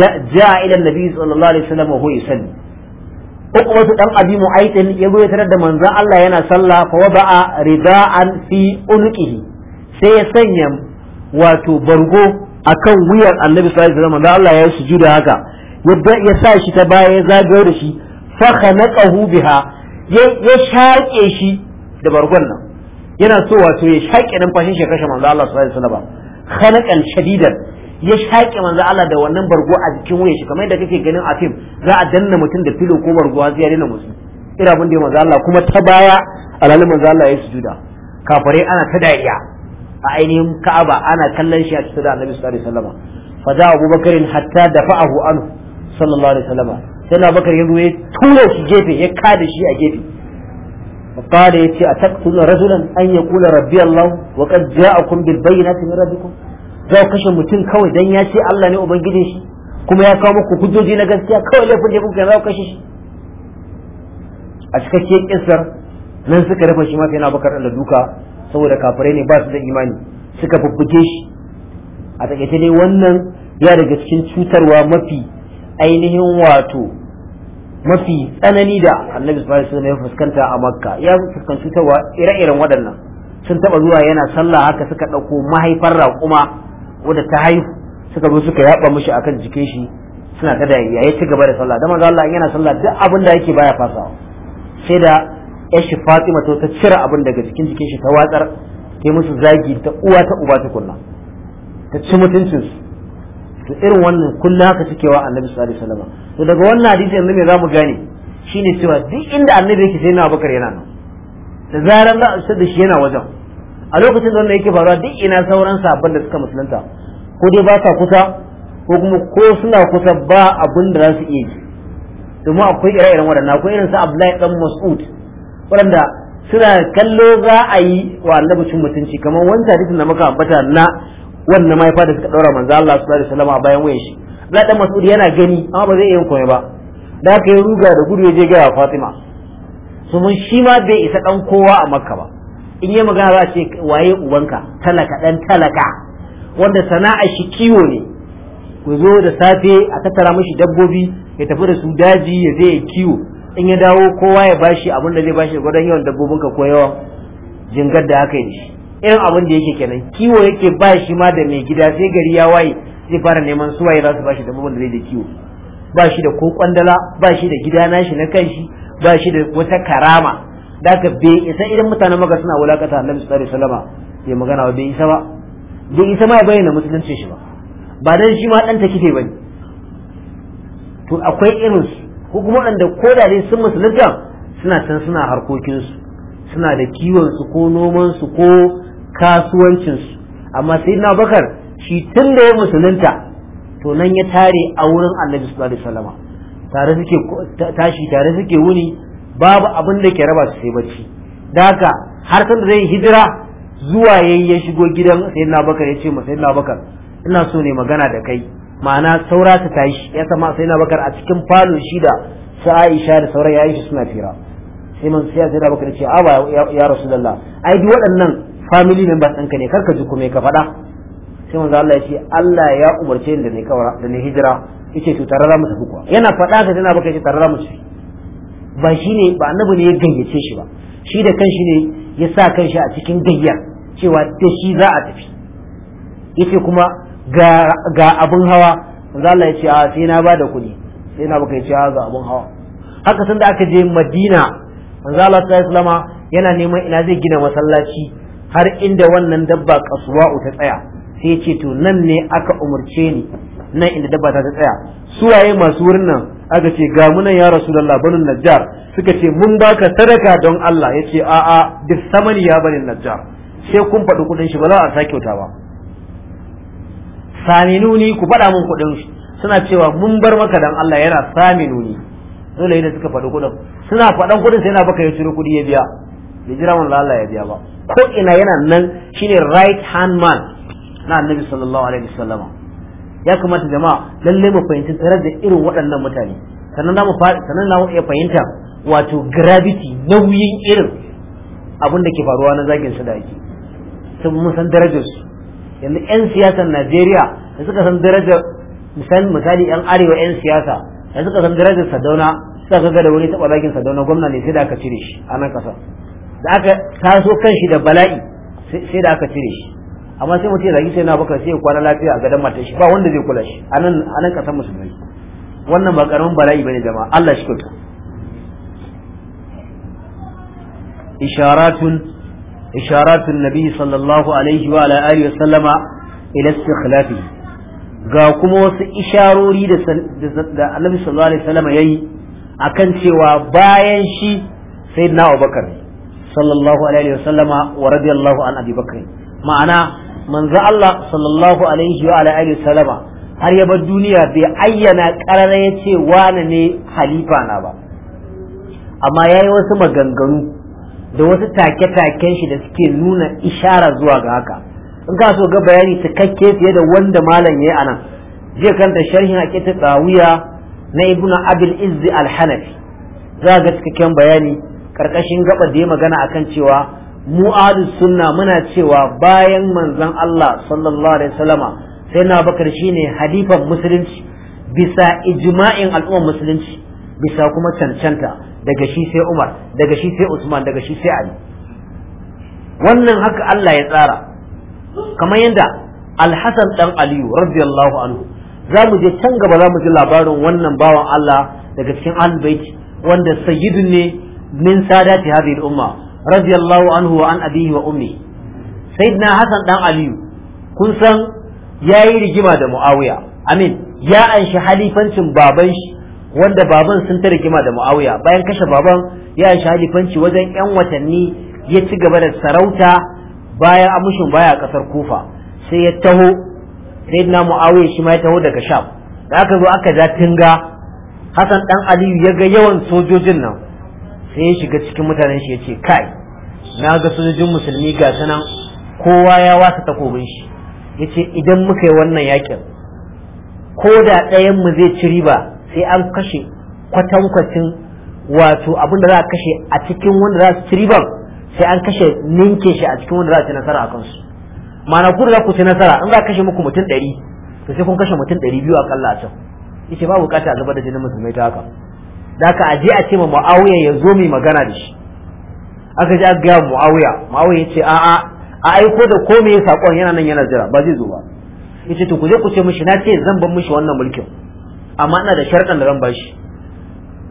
A: ya ja ila nabi sallallahu alaihi wasallam wa yusalli uqbatu dan abi mu'aytin yazo ya tarar da manzon Allah yana sallah fa wada'a rida'an fi unqihi sai ya sanya wato bargo akan wuyan annabi sallallahu alaihi wasallam Allah ya sujuda haka ya sa shi ta baya ya zagayo da shi fa khanaqahu biha ya shaƙe shi da bargon nan yana so wato ya shaƙe numfashin shi kashe manzo Allah sallallahu alaihi wasallam khanaqan shadidan ya shaƙe manzo Allah da wannan bargo a jikin wuya shi kamar yadda kake ganin a fim za a danna mutum da filo ko bargo har sai ya daina musu ira abin da manzo Allah kuma ta baya alalin manzo Allah ya sujuda kafare ana ta dariya a ainihin Ka'aba ana kallon shi a cikin da Annabi sallallahu alaihi wasallam fa da Abu hatta dafa'ahu anhu sallallahu alaihi wasallam sai na bakar ya ruwe tura gefe ya ka da shi a gefe qala ce a taqtuluna rajulan an yaqula rabbi allah wa qad ja'akum bil bayyinati min rabbikum za kashe mutum kawai dan ya ce Allah ne ubangijin shi kuma ya kawo muku hujjoji na gaskiya kawai laifin da kuka za kashe shi a cikakken kisar nan suka rufe shi ma sai na bakar duka saboda kafirai ne basu su da imani suka bubbuge shi a takaice dai wannan ya daga cikin cutarwa mafi ainihin wato mafi tsanani da annabi sallallahu alaihi ya fuskanta a makka ya fuskanci tawa ire-iren waɗannan sun taba zuwa yana sallah haka suka ɗauko mahaifar raƙuma wadda ta haihu suka zo suka yaba mishi akan jikin shi suna ta dariya ya ci gaba da sallah da manzo Allah yana sallah duk abin da yake baya fasawa sai da yashi Fatima ta cire abin daga jikin jikin shi ta watsar ta musu zagi ta uwa ta uba tukunna ta ci mutuncinsu to irin wannan kullum haka suke wa annabi sallallahu alaihi wasallam to daga wannan hadisi yanzu me zamu gane shine cewa duk inda annabi yake sai na abubakar yana nan da zaran za a da shi yana wajen a lokacin da wannan yake faruwa duk ina sauran sabon da suka musulunta ko dai ba sa kusa ko kuma ko suna kusa ba abin da za su iya ji domin akwai ire-iren waɗannan akwai irin su Abdullahi dan Mas'ud waɗanda suna kallo za a yi wa annabi cin mutunci kamar wancan hadisin da muka ambata na wannan mahaifa da suka daura manzo Allah sallallahu alaihi wasallam bayan wayan shi Abdullahi dan Mas'ud yana gani amma ba zai iya komai ba da aka yi ruga da gudu ya je ga Fatima su mun shi ma bai isa dan kowa a Makka ba in yi magana za a ce waye ubanka talaka dan talaka wanda sana'a shi kiwo ne ku zo da safe a tattara mashi dabbobi ya tafi da su daji ya je ya kiwo in ya dawo kowa ya bashi abin da zai bashi gwadon yawan dabbobinka ko yawan jingar da aka yi shi irin abin da yake kenan kiwo yake ba shi ma da mai gida sai gari ya waye zai fara neman su waye za su ba shi da da zai da kiwo ba shi da ko kwandala ba shi da gida nashi na kanshi ba shi da wata karama da ka bai isa idan mutanen maka suna wulakata annabi sallallahu alaihi salama, bai magana ba bai isa ba bai isa ma ya bayyana musulunci shi ba ba dan shi ma dan ta kife bane to akwai irin su ko kuma wanda ko da dai sun musulunta suna san suna harkokinsu suna da kiwon su ko noman su ko kasuwancinsu amma na bakar shi tun da ya musulunta to nan ya tare a wurin annabi sallallahu alaihi wasallam tare suke tashi tare suke wuni babu abin da ke raba su sai bacci da haka har san da zai hijira zuwa yayi ya shigo gidan sayyidina bakar ya ce ma sayyidina bakar ina so ne magana da kai ma'ana saura ta tashi ya sama sayyidina bakar a cikin falo shi da su Aisha da sauran ya suna fira sai man sai sayyidina bakar ya ce a ba ya rasulullah ai duk waɗannan family members ɗinka ne karka ji kuma ka faɗa sai manzo Allah ya ce Allah ya umarce ni da ni kawara da ni hijira yace to tarara mu tafi kuwa yana faɗa ka tana baka yace tarara mu tafi ba shine ba annabi ne ya gayyace shi ba shi da kanshi ne ya sa kanshi a cikin gayya cewa da shi za a tafi yace kuma ga ga abun hawa manzo Allah ya ce a sai na bada kuɗi sai na baka yace a ga abun hawa haka da aka je Madina manzo Allah sallallahu alaihi wasallama yana neman ina zai gina masallaci har inda wannan dabba kasuwa'u ta tsaya sai ce to nan ne aka umarce ni nan inda dabba ta tsaya suwaye masu wurin nan aka ce ga munan ya rasu da labarin najjar suka ce mun baka sadaka don Allah yace a a bis ya banin najjar sai kun faɗi kuɗin shi ba za a sake kyauta ba saminuni ku faɗa mun kuɗin shi suna cewa mun bar maka dan Allah yana saminuni dole ne suka faɗi kuɗin suna faɗan kudin sai na baka ya ciro kuɗi ya biya bai jira mun Allah ya biya ba ko ina yana nan shine right hand man na annabi sallallahu alaihi wasallam ya kamata jama'a lalle mu fahimci tare da irin waɗannan mutane sannan na mu sannan na iya fahimta wato gravity nauyin irin abin da ke faruwa na zagin su da ake sun mun san darajar su yanzu yan siyasar Najeriya da suka san darajar misali misali yan arewa yan siyasa da suka san darajar Sadauna suka ga da wani taɓa zagin Sadauna gwamna ne sai da aka cire shi a nan kasa da aka taso kan shi da bala'i sai da aka cire shi amma sai mutum ya zagi sai na bakar sai ya kwana lafiya a gadon matar shi ba wanda zai kula shi a nan kasan musulmai wannan ba karamin bala'i bane jama'a Allah shi kyauta isharatun isharatun nabi sallallahu alaihi wa ala alihi wa sallama ila istikhlafi ga kuma wasu isharori da da Annabi sallallahu alaihi wa sallama yayi akan cewa bayan shi sayyidina Abubakar sallallahu alaihi wasallama wa radiyallahu an abi bakr ma'ana manzo Allah sallallahu alaihi wa alihi wasallama har ya bar duniya bai ayyana karara ya ce ne halifa na ba amma ya yi wasu maganganu da wasu take-taken shi da suke nuna ishara zuwa ga haka in ka so ga bayani cikakke fiye da wanda malam ya yi anan, jiya zai kanta sharhin a ƙeta tsawiya na ibnu abil izzi al-hanafi za ga cikakken bayani karkashin gaba da ya magana kan cewa mu ahlus sunna muna cewa bayan manzon Allah sallallahu alaihi wasallama sai na bakar shine halifan musulunci bisa ijma'in al'ummar musulunci bisa kuma cancanta daga shi sai Umar daga shi sai Usman daga shi sai Ali wannan haka Allah ya tsara kamar yadda Al-Hasan dan Aliyu radiyallahu anhu za mu je can gaba za mu ji labarin wannan bawan Allah daga cikin Ahlul wanda sayyidun ne min sadati hadhihi al-umma radiyallahu anhu wa an abihi wa ummi sayyidina hasan dan aliyu kun san yayi rigima da muawiya amin ya anshi halifancin baban shi wanda baban sun ta rigima da muawiya bayan kashe baban ya anshi halifanci wajen yan watanni ya ci gaba da sarauta bayan amushin baya kasar kufa sai ya taho sayyidina muawiya shi ma ya taho daga sham da aka zo aka ja tinga hasan dan aliyu ya ga yawan sojojin nan sai ya shiga cikin mutanen shi ya ce kai na ga sojojin musulmi ga sanan kowa ya wasa takobin shi ya ce idan muka yi wannan yakin ko da ɗayan mu zai ci riba sai an kashe kwatankwacin wato abin da za a kashe a cikin wanda za su ci riban sai an kashe ninke shi a cikin wanda za a ci nasara a kansu mana ku da za ku ci nasara in za a kashe muku mutum ɗari to sai kun kashe mutum ɗari biyu a kalla a can yace babu bukata a zubar da jinin musulmai ta haka da aka aje a ce ma muawiya ya zo mai magana da shi aka ji aka gaya muawiya muawiya ya ce a'a a aiko da komai me sakon yana nan yana jira ba zai zo ba yace to ku je ku ce mishi na ce zan ban mishi wannan mulkin amma ina da sharɗan da zan shi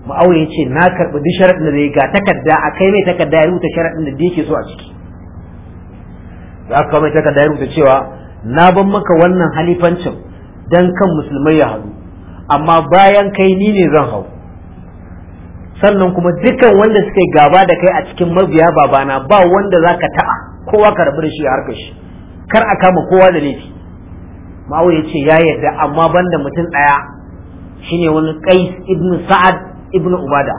A: muawiya ya ce na karɓi duk sharaɗin da zai ga takarda a kai mai takarda ya rubuta sharaɗin da yake so a ciki za ka mai takarda ya rubuta cewa na ban maka wannan halifancin dan kan musulmai ya haɗu amma bayan kai ni ne zan hau sannan kuma dukan wanda suka gaba da kai a cikin mabiya babana ba wanda za ka ta'a kowa ka rabu da shi harkar shi kar a kama kowa da laifi ma'au ya ce ya yarda amma banda mutum ɗaya shine wani qais ibnu sa'ad ibnu ubada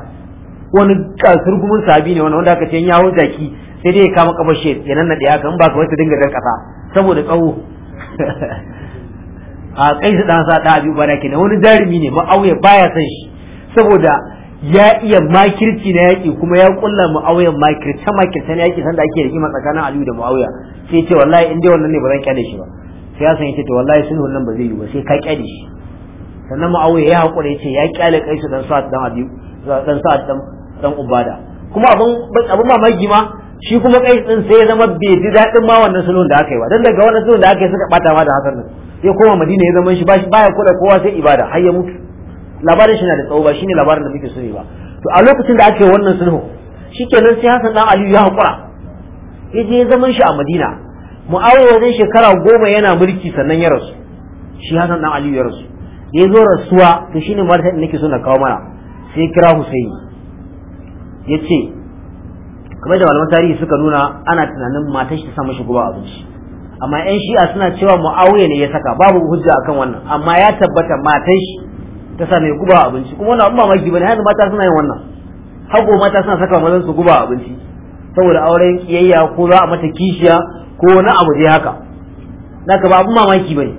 A: wani kasur gumin sabi ne wani wanda aka ce ya hau jaki sai dai ya kama kafa shi ya nan ɗaya kan ba ka wata dinga dan kasa saboda tsawo a qais dan sa da abi ubada kenan wani jarumi ne ma'au ya baya san shi saboda ya iya makirci na yaƙi kuma ya kulla mu'awiyan makirce makirce na yaƙi sanda ake rigima tsakanin aliyu da mu'awiya sai ce wallahi in dai wannan ne ba zan kyale shi ba sai ya san yace to wallahi sulhun wannan ba zai yi ba sai ka kyale shi sannan mu'awiya ya haƙura yace ya kyale kai su dan sa'ad dan abi dan sa'ad dan dan ubada kuma abun abun mamaki ma shi kuma kai din sai ya zama bai ji daɗin ma wannan sulhun da aka yi ba dan daga wannan sulhun da aka yi suka bata ma da hasan nan ya koma madina ya zama shi ba ya kula kowa sai ibada har ya mutu labarin shi na da tsawo ba shine labarin da muke so ba to a lokacin da ake wannan sulhu shikenan sai Hassan dan Aliyu ya hakura ya je zaman shi a Madina Muawiya wajen shekara goma yana mulki sannan ya rasu shi Hassan dan Aliyu ya rasu ya zo rasuwa to shine martani nake so na kawo mana sai kira Husaini ya ce kamar da malaman tarihi suka nuna ana tunanin matan shi ta sa mashi guba abinci amma yan shi'a suna cewa muawiya ne ya saka babu hujja akan wannan amma ya tabbata matan shi ta sa mai guba abinci kuma wannan abin mamaki bane yanzu mata suna yin wannan hago mata suna saka mazan su guba abinci saboda auren kiyayya ko za a mata kishiya ko wani abu dai haka naka ba abun mamaki bane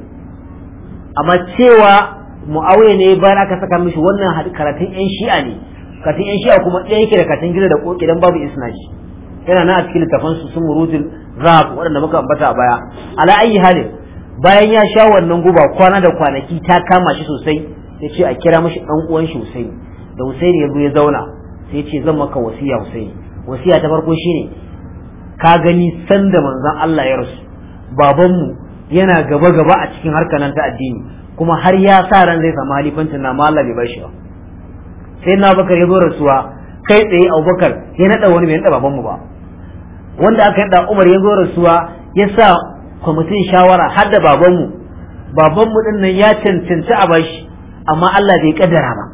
A: amma cewa mu'awiya ne bayan aka saka mishi wannan karatun yan shi'a ne karatun yan shi'a kuma ɗaya yake da karatun gida da koki dan babu isnashi yana nan a cikin littafan su sun murutul zahab waɗanda muka ambata a baya ala ayi halin bayan ya sha wannan guba kwana da kwanaki ta kama shi sosai Sai ce a kira mashi dan uwan shi Husaini da Husaini ya zo ya zauna sai ce zan maka wasiya Husaini wasiya ta farko shine ka gani sanda manzon Allah ya rasu babanmu yana gaba gaba a cikin harkar nan ta addini kuma har ya sa ran zai samu halifanci na Allah bai bashi ba sai na bakar ya zo rasuwa kai tsaye abubakar ya naɗa wani bai naɗa babanmu ba wanda aka naɗa umar ya zo rasuwa ya sa kwamitin shawara har da babanmu babanmu ɗin nan ya cancanci a bashi amma Allah bai kaddara ba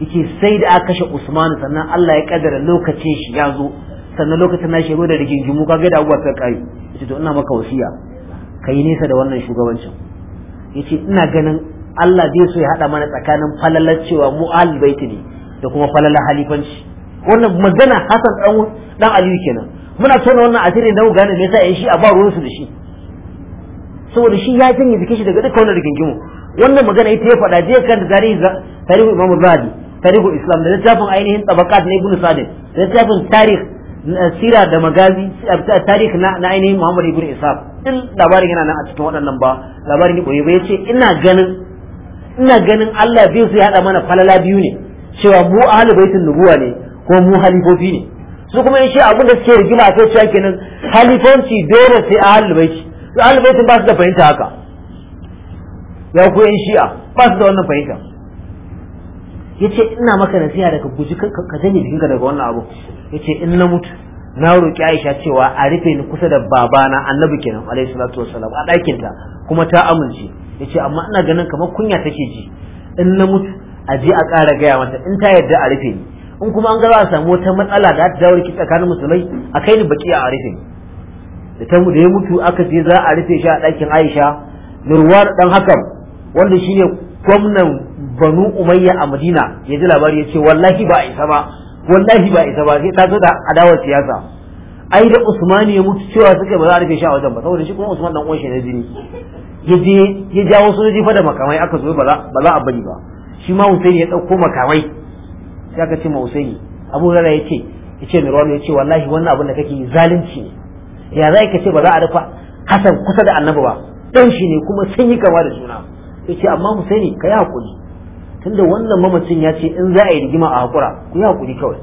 A: yake sai da aka kashe Usman sannan Allah ya kaddara lokacin shi ya zo sannan lokacin na shigo da rigingimu kaga da abubuwa sai kai yace to ina maka wasiya kai nesa da wannan shugabancin yace ina ganin Allah zai so ya hada mana tsakanin falalar cewa mu ahlul baiti ne da kuma falalar halifanci wannan magana Hassan dan dan Aliyu kenan muna tona wannan asiri da gane me yasa yayin shi a ba ruwansu da shi saboda shi ya janye jikin shi daga dukkan wannan rigingimu wannan magana ita ya faɗa je kan tarihi tarihi Imam Zahabi tarihi Islam da littafin ainihin tabaqat na Ibn Sadid da littafin tarih sira da magazi tarih na na ainihin Muhammad Ibn Ishaq din labarin yana nan a cikin waɗannan ba labarin ne koyi ba yace ina ganin ina ganin Allah biyu su hada mana falala biyu ne cewa mu ahlul baitin nubuwa ne ko mu halifofi ne su kuma yace abin da suke rigima a kai cewa kenan halifanci dole sai ahlul baiti ahlul baitin ba su da fahimta haka ya ku yan shi'a ba su da wannan fahimta ce ina maka nasiha daga guji ka janye jikinka daga wannan abu Ya ce in na mutu na roƙi Aisha cewa a rufe ni kusa da babana Annabi kenan alayhi salatu wassalam a ɗakin ta kuma ta amince Ya ce amma ina ganin kamar kunya take ji in na mutu a je a ƙara gaya mata in ta yarda a rufe ni in kuma an ga za a samu wata matsala da ta dawo rikici tsakanin musulmai a kai ni baki a rufe ni da ta da ya mutu aka je za a rufe shi a ɗakin Aisha Nurwar dan hakan wanda ne gwamnan banu umayya a madina ya ji labari ya ce wallahi ba a isa ba wallahi ba a isa ba sai ta zo da adawar siyasa ai da usman ya mutu cewa suka ba za a rufe shi a wajen ba saboda shi kuma usman dan uwan shi ne jini ya je ya jawo sojoji fa da makamai aka zo ba za a bari ba shi ma Husaini ya dauko makamai sai aka ce ma Husaini Abu Hurairah ya ce ya ce Mirwan ya ce wallahi wannan abin da kake yi zalunci ne ya za ka ce ba za a rufa hasan kusa da Annabi ba dan shi ne kuma sun yi kama da juna ya ce amma mu sani ka yi haƙuri tunda wannan mamacin ya ce in za a yi rigima a haƙura ku yi haƙuri kawai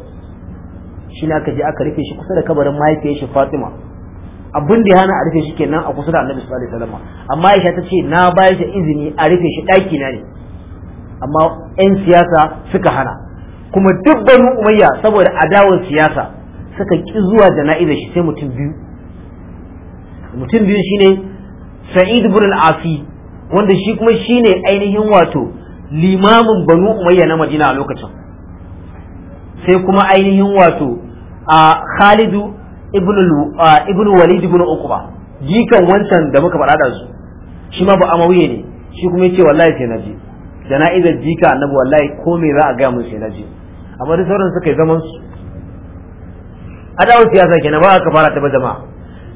A: shi ne aka je aka rufe shi kusa da kabarin mahaifiyar shi fatima abin da ya hana a rufe shi kenan a kusa da annabi sallallahu alaihi wasallam amma aisha ta ce na bayar da izini a rufe shi ɗaki na ne amma 'yan siyasa suka hana kuma duk banu umayya saboda adawar siyasa suka ƙi zuwa jana'izar shi sai mutum biyu mutum biyu shine sa'id ibn al afi wanda shi kuma shine ainihin wato limamin banu umayya na madina a lokacin sai kuma ainihin wato a khalidu ibn walid ibn uqba jikan wancan da muka faɗa da su shi ma ba amawiye ne shi kuma yace wallahi sai naji jana'izar jika annabi wallahi ko me za a ga mun sai naji amma da sauran suka yi zaman su adawu siyasa kenan ba aka fara ta ba jama'a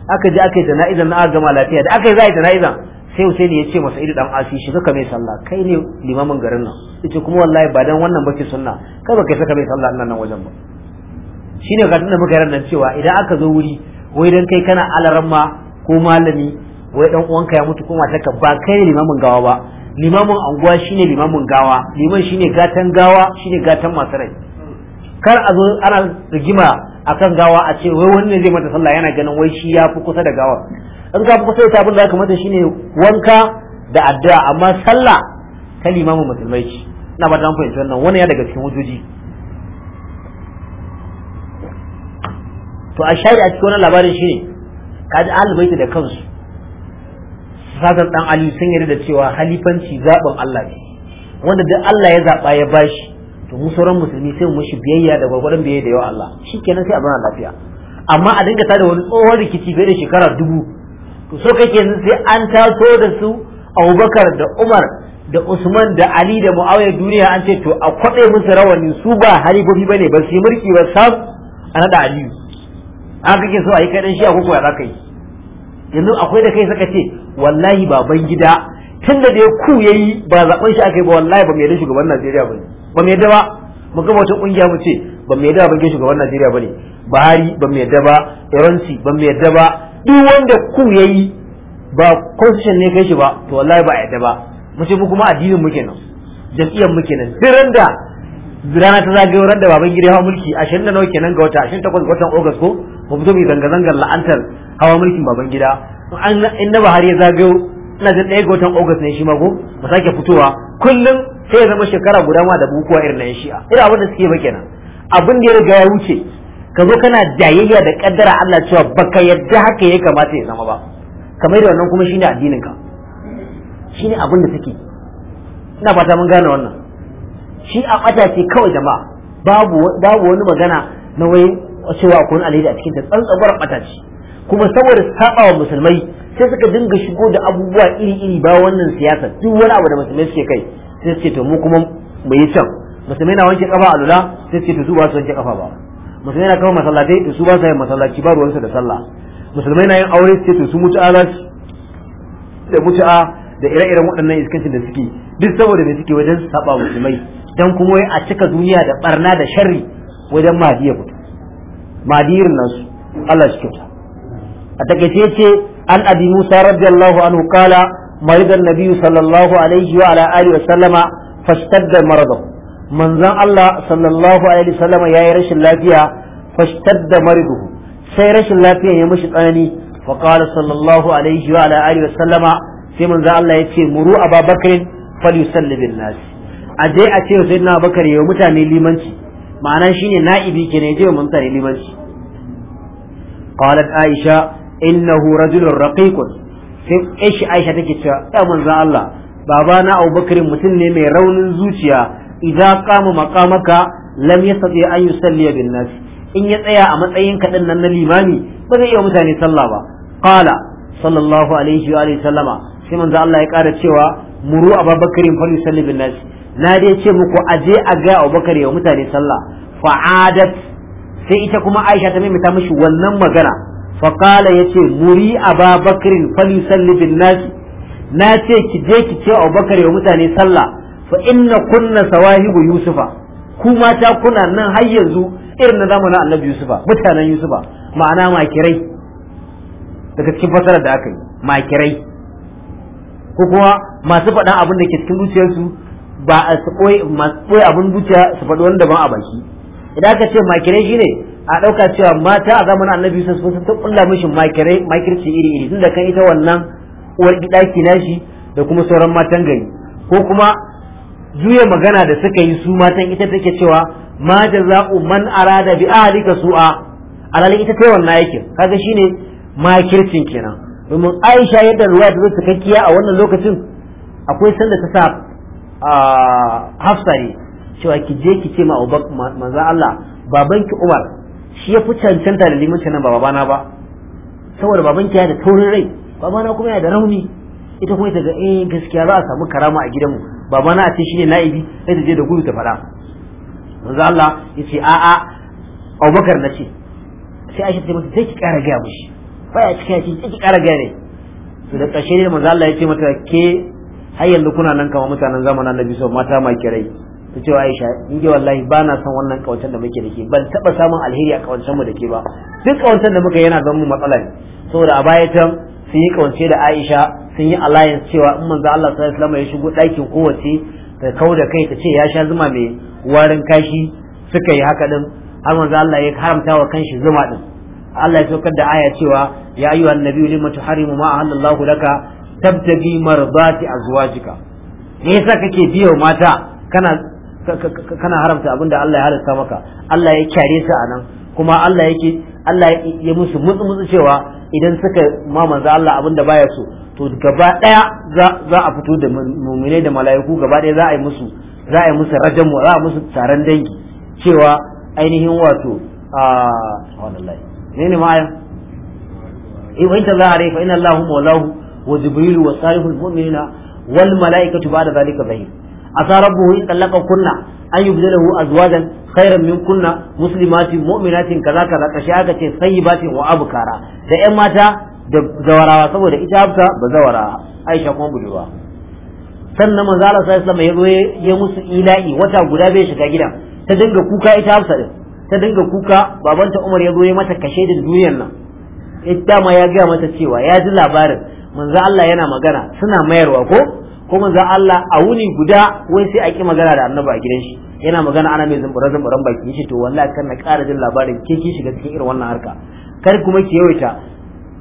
A: aka je aka yi jana'izar na aka gama lafiya da aka yi za a yi jana'izar sai Husaini ya ce masa idan dan asi shi suka mai sallah kai ne limamin garin nan yace kuma wallahi ba dan wannan bace sunna kai ba kai saka mai sallah nan nan wajen ba shine ga tunda muka yarda cewa idan aka zo wuri wai dan kai kana alaramma ko malami wai dan uwanka ya mutu ko matarka ba kai ne limamin gawa ba limamin anguwa shine limamin gawa liman shine gatan gawa shine gatan masu rai kar a zo ana rigima akan gawa a ce wai wani zai mata sallah yana ganin wai shi ya fi kusa da gawa in ka fi kusa abin da aka mata shine wanka da addu'a amma sallah ta limamin musulmai ce ina ba ta fahimci wannan wani ya daga cikin wujudi to a shari a cikin wannan labarin shine kaji ahlul da kansu sasan dan ali sun yarda da cewa halifanci zaben Allah ne wanda duk Allah ya zaba ya bashi to mu sauran musulmi sai mu mushi biyayya da gwargwadon biyayya da yawa Allah shikenan sai a zauna lafiya amma a dinga tada wani tsohon rikici bai da shekara dubu to so kake yanzu sai an taso da su Abubakar da Umar da Usman da Ali da Muawiya duniya an ce to a kwabe musu rawani su ba halifofi bane ba su mulki ba sam a da Aliyu an kake so a yi kaɗan shi a koko za ka yi yanzu akwai da kai saka ce wallahi baban gida tun da dai ku yayi ba zaben shi aka yi ba wallahi ba mai da shugaban Najeriya ne. ba mai da ba mu ga wata kungiya mu ce ba mai da ba shugaban Najeriya ba ne. Buhari ba mai da ba Iranci ba mai da ba duk wanda ku yayi ba constitution ne kai shi ba to wallahi ba yadda ba mu ce kuma addinin mu nan, jam'iyyar mu nan duk da rana ta zagayo ran da baban gida hawa mulki nawa kenan ga wata 28 ga watan August ko mu fito mu zanga zangar la'antar hawa mulkin baban gida na ba har ya zagayo ina jin ɗaya ga watan August ne shi ma ko ba sake fitowa kullum sai ya zama shekara guda ma da bukuwa irin na shi'a irin abin da suke ba kenan abin da ya riga ya wuce ka zo kana jayayya da kaddara Allah cewa baka yadda haka ya kamata ya zama ba kamar da wannan kuma shine addinin ka shine abin da take ina fata mun gane wannan shi a bata kawai jama'a babu babu wani magana na wai cewa akwai wani alheri a cikin ta tsantsabar bata kuma saboda sabawa musulmai sai suka dinga shigo da abubuwa iri-iri ba wannan siyasa duk wani abu da musulmai suke kai sai suke to mu kuma mu yi can musulmai na wanke kafa a lula sai suke to su ba su wanke kafa ba musulmai na kawo masallatai to su ba sa yin masallaci ba ruwansa da sallah musulmai na yin aure su ce to su mutu za su da mutu'a da ire-iren waɗannan iskancin da suke duk saboda mai suke wajen saba musulmai dan kuma wai a cika duniya da barna da sharri wajen mahdi ya fito mahdirin nan su Allah shi kyauta a takaice ce an abi Musa radiyallahu anhu kala maridan nabiyyu sallallahu alaihi wa ala alihi wa sallama fastadda maradahu Manzan Allah sallallahu alaihi wasallam yayi rashin lafiya da mariduhu sai rashin lafiya ya mishi tsanani fa qala sallallahu alaihi wa ala wasallama sai manzan Allah ya ce muru a ababakarin falyusalli bin nas a je a ce na abubakar ya mutane limanci ma'ana shine na'ibi kenan ya je mutane limanci qalat aisha innahu rajulun raqiqun sai aisha take cewa ya manzan Allah babana abubakarin mutum ne mai raunin zuciya idza qama maqamaka lam yastati an yusalli bin nas in ya tsaya a matsayin ka nan na limami ba zai iya mutane sallah ba qala sallallahu alaihi wa alihi sallama sai manzo Allah ya ƙara cewa muru ababakarin fa yusalli bin nas na dai ce muku aje a ga abubakar ya mutane sallah fa'adat sai ita kuma Aisha ta maimaita mishi wannan magana fa qala yace muri ababakarin fa yusalli bin nas na ce ki je ki ce abubakar ya mutane sallah fa inna kunna sawahibu yusufa ku mata kuna nan har yanzu irin na zamanin annabi yusufa mutanen yusufa ma'ana makirai daga cikin fasarar da aka yi makirai ko kuma masu faɗan abin da ke cikin zuciyarsu ba a ɓoye abin zuciya su faɗi wani daban a baki idan aka ce makirai shine a ɗauka cewa mata a zamanin annabi yusuf sun ta ƙulla mishi makirai makirci iri iri tun da kan ita wannan uwar gida ki nashi da kuma sauran matan gari ko kuma juya magana da suka yi su matan ita take cewa ma jaza'u man arada bi ahlika su'a alalin ita ta wannan aikin kaga shine makircin kenan domin Aisha yadda ruwa ta zo kakkiya a wannan lokacin akwai sanda ta sa Hafsa ne cewa ki je ki ce ma manzo Allah babanki Umar shi ya fi cancanta da limanci nan ba babana ba saboda babanki ya da taurin rai babana kuma ya da rauni ita kuma ta ga eh gaskiya za a samu karama a gidanmu ba na a ce ne na'ibi sai ta je da gudu ta faɗa manzo Allah ya ce a Abubakar na ce sai Aisha ta masa sai ki ƙara gaya mushi baya cikin yace sai ki ƙara gaya ne to da ƙarshe ne manzo Allah ya ce mata ke har yanzu kuna nan kamar mutanen zamanin Annabi so mata ma kirai ta ce Aisha ni ji wallahi ba na son wannan kawancen da muke da ke ban taɓa samun alheri a kawancen mu da ke ba duk kawancen da muka yana zama matsala ne saboda a baya tan sun yi kawance da Aisha sun yi alliance cewa in manzo Allah sallallahu alaihi wasallam ya shigo ɗakin kowace ta kau da kai ta ce ya sha zuma mai warin kashi suka yi haka din har manzo Allah ya haramta wa kanshi zuma din Allah ya saukar da aya cewa ya ayu annabi lima tuharimu ma ahallallahu laka tabtagi marzati azwajika me yasa kake biyo mata kana kana haramta abin da Allah ya halatta maka Allah ya kyare su anan kuma Allah yake Allah ya musu mutsu mutsu cewa idan suka ma manzo Allah abin da baya so to gaba daya za a fito da muminai da mala'iku gaba daya za a yi musu za a yi musu rajamu za a musu taron dangi cewa ainihin wato a wallahi ne ne ma'aya eh wa inta zahare fa inna allahu mawlahu wa jibrilu wa salihul mu'minina wal mala'ikatu ba'da zalika zahir asa rabbuhu in talaka kunna an yubdilahu azwajan khairan min kunna muslimatin mu'minatin kaza kaza kashi aka ce sayyibatin wa abkara da yan mata da zawarawa saboda ita hafsa ba zawara aisha kuma ba. sannan manzo Allah sallallahu alaihi wasallam ya musu ila'i wata guda bai shiga gidan ta dinga kuka ita hafsa din ta dinga kuka babanta Umar ya zo ya mata kashe da duniyar nan ita ma ya gaya mata cewa ya ji labarin manzo Allah yana magana suna mayarwa ko ko manzo Allah a wuni guda wai sai a ki magana da annabi a gidan shi yana magana ana mai zumbura zumburan baki shi to wallahi kan na ƙara jin labarin ke ki shiga cikin irin wannan harka kar kuma ki yawaita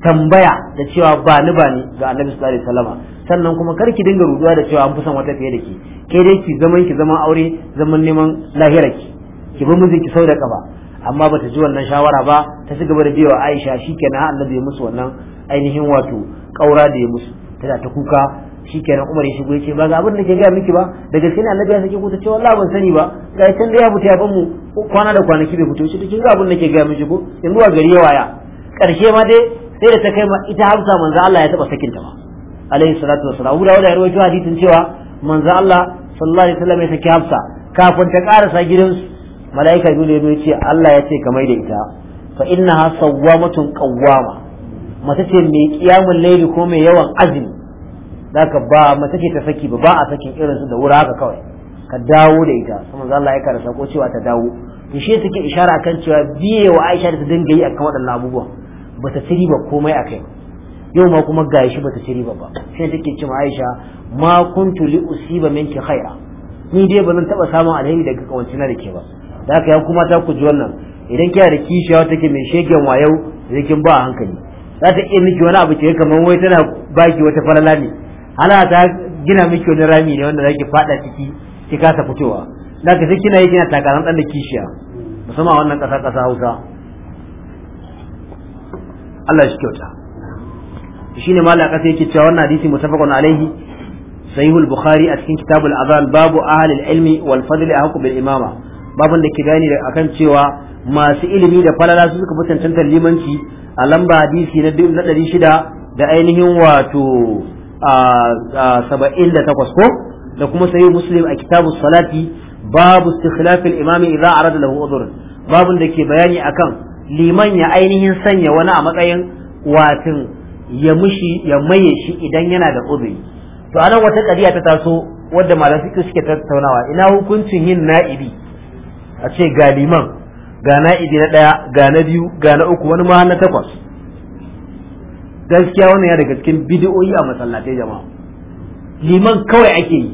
A: tambaya da cewa ba ni ba ni ga annabi sallallahu alaihi wasallam sannan kuma kar ki dinga ruduwa da cewa an fi son wata fiye da ke ke dai ki zaman ki zaman aure zaman neman lahira ki ki bi ki sau da kafa amma bata ji wannan shawara ba ta ci gaba da biyo Aisha shikenan annabi ya musu wannan ainihin wato kaura da ya musu tana ta kuka shikenan Umar ya shigo yace ba ga abin da ke ga miki ba da gaske ne annabi ya sake ku ta ce wallahi ban sani ba ga can da ya fita ya mu kwana da kwanaki bai fito shi kin ga abin da ke ga miki ko yanzu a gari ya waya karshe ma dai sai da ta kai ma ita Hafsa manzo Allah ya taba sakinta ma alaihi salatu wassalam wanda wanda ya rawaito hadisin cewa manzo Allah sallallahu alaihi wasallam ya saki kafin ta karasa gidansu mala'ika Jibril ya ce Allah ya ce ka mai da ita fa innaha sawwamatun qawwama Mata ce mai kiyamul layli ko mai yawan azumi zaka ba mace ce ta saki ba ba a sakin irin su da wuri haka kawai ka dawo da ita sama za Allah ya karasa ko cewa ta dawo to shi take ishara kan cewa biye wa Aisha da ta dinga yi akan waɗannan abubuwan bata ci riba komai akai yau ma kuma gashi bata ci riba ba sai take ce ma Aisha ma kuntu li usiba minki khaira ni dai ba zan taba samun alheri daga kawanci da ke ba da haka ya kuma ta ku ji wannan idan kina da kishiya take mai shegen wayau kin ba hankali za ta iya miki wani abu ke kamar wai tana baki wata falala ne ana ta gina miki wani rami ne wanda zaki fada ciki ki kasa fitowa da haka sai kina yi kina takaran dan da kishiya musamman wannan kasa kasa Hausa Allah shi kyauta shine mallan kasa yake cewa wannan hadisi mutafaqun alaihi sahihul bukhari a cikin kitabul azan babu ahalil ilmi wal fadli ahqu bil imama babun da ke gani akan cewa masu ilimi da falala su suka fi limanci a lamba hadisi na ɗari shida da ainihin wato saba'in da takwas ko da kuma sahih muslim a kitabu salati babu istikhlafil imami idza arada lahu udhr babun da ke bayani akan liman ya ainihin sanya wani a matsayin watin ya mushi ya maye shi idan yana da uzuri to anan wata kariya ta taso wadda malam fiqh suke tattaunawa ina hukuncin yin na'ibi a ce ga liman ga na'ibi na ɗaya ga na biyu ga na uku wani ma na takwas gaskiya wannan ya daga cikin bidiyoyi a masallatai jama'a liman kawai ake yi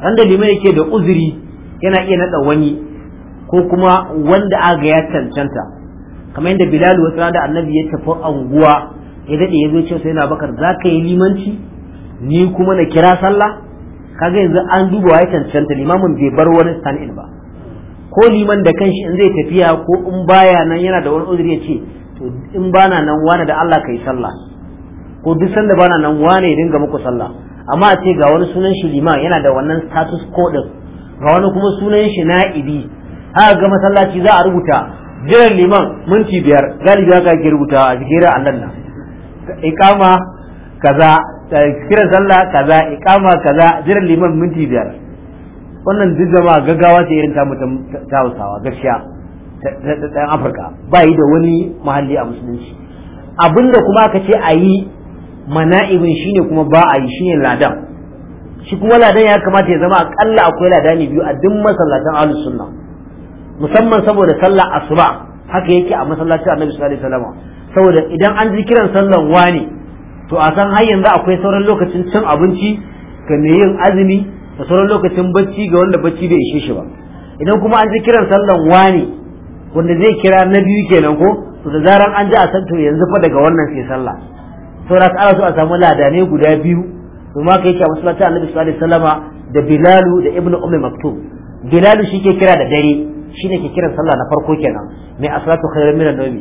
A: da liman yake da uzuri yana iya naɗa wani ko kuma wanda aga ya cancanta kamar yadda bilal wata da annabi ya tafi anguwa ya daɗe ya zo ce sai na bakar za ka yi limanci ni kuma na kira sallah kaga yanzu an duba ya cancanta limamin bai bar wani stand ba ko liman da kanshi in zai tafiya ko in baya nan yana da wani uzuri ya ce to in bana nan wane da Allah kai sallah ko duk sanda bana nan wane ya dinga muku sallah amma a ce ga wani sunan shi liman yana da wannan status quo ga wani kuma sunan shi na'ibi haka ga masallaci za a rubuta jiran liman minti biyar galibi haka ke rubuta a jikin Allah na ikama kaza eh, kira sallah kaza ikama kaza jiran liman minti biyar wannan duk jama'a gaggawa ce irin ta mutum ta gaskiya ta ɗan Afirka ba yi da wani mahalli a musulunci abinda kuma aka ce a yi mana'ibin shine kuma ba a yi shine ladan shi kuma ladan ya kamata ya zama akalla akwai ladani biyu a duk masallatan ahlus sunnah musamman saboda sallar asuba haka yake a masallacin annabi sallallahu alaihi wasallam saboda idan an ji kiran sallar wani to a san har yanzu akwai sauran lokacin cin abinci ga mai yin azumi da sauran lokacin bacci ga wanda bacci bai ishe shi ba idan kuma an ji kiran sallar wani wanda zai kira na biyu kenan ko to da zaran an ji a san to yanzu fa daga wannan sai sallah to saboda ana su a samu ladane guda biyu to ma kai ke a masallacin annabi sallallahu alaihi wasallam da bilalu da ibnu ummi Maktum bilalu shi ke kira da dare shine ke kiran sallah na farko kenan mai asalatu khairu minan nawmi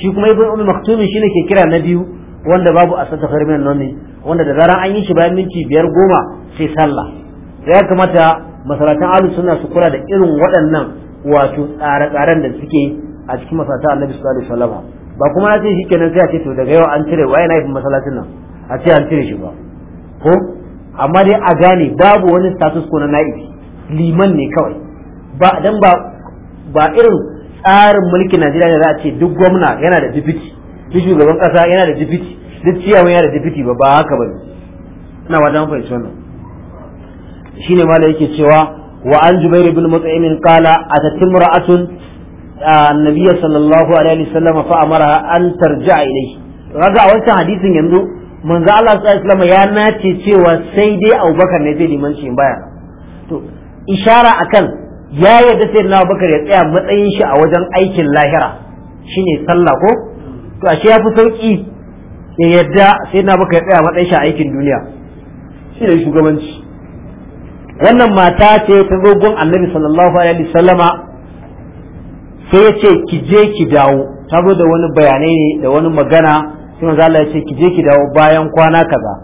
A: shi kuma ibn ummi shi shine ke kira na biyu wanda babu asalatu khairu minan nawmi wanda da zaran an yi shi bayan minti biyar goma sai sallah da ya kamata masalatan ahli sunna su kula da irin waɗannan wato tsare-tsaren da suke a cikin masalatan annabi sallallahu alaihi wasallam ba kuma na ce shikenan sai a ce to daga yau an cire waye na yi masalatin nan a ce an cire shi ba ko amma dai a gane babu wani status ko na na'ibi liman ne kawai ba dan ba ba irin tsarin mulkin Najeriya da za a ce duk gwamna yana da dipiti duk shugaban kasa yana da dipiti duk ciyawa yana da dipiti ba ba haka bane ina wajen fahimci wannan shine ma yake cewa wa an jubair bin mut'im qala atatim ra'atun annabiy sallallahu alaihi wasallam fa amara an tarja ilayhi Raga a wancan hadisin yanzu manzo Allah sallallahu alaihi wasallam ya nace cewa sai dai Abubakar ne zai limanci in baya to ishara akan ya yarda sai na bakar ya tsaya matsayin shi a wajen aikin lahira Shi ne sallah ko to shi ya fi sauki ya yarda sai na bakar ya tsaya matsayin shi a aikin duniya Shi ne shugabanci wannan mata ce ta rogon annabi sallallahu alaihi wasallama sai ya ce ki je ki dawo ta zo da wani bayanai ne da wani magana sai manzo Allah ya ce ki je ki dawo bayan kwana kaza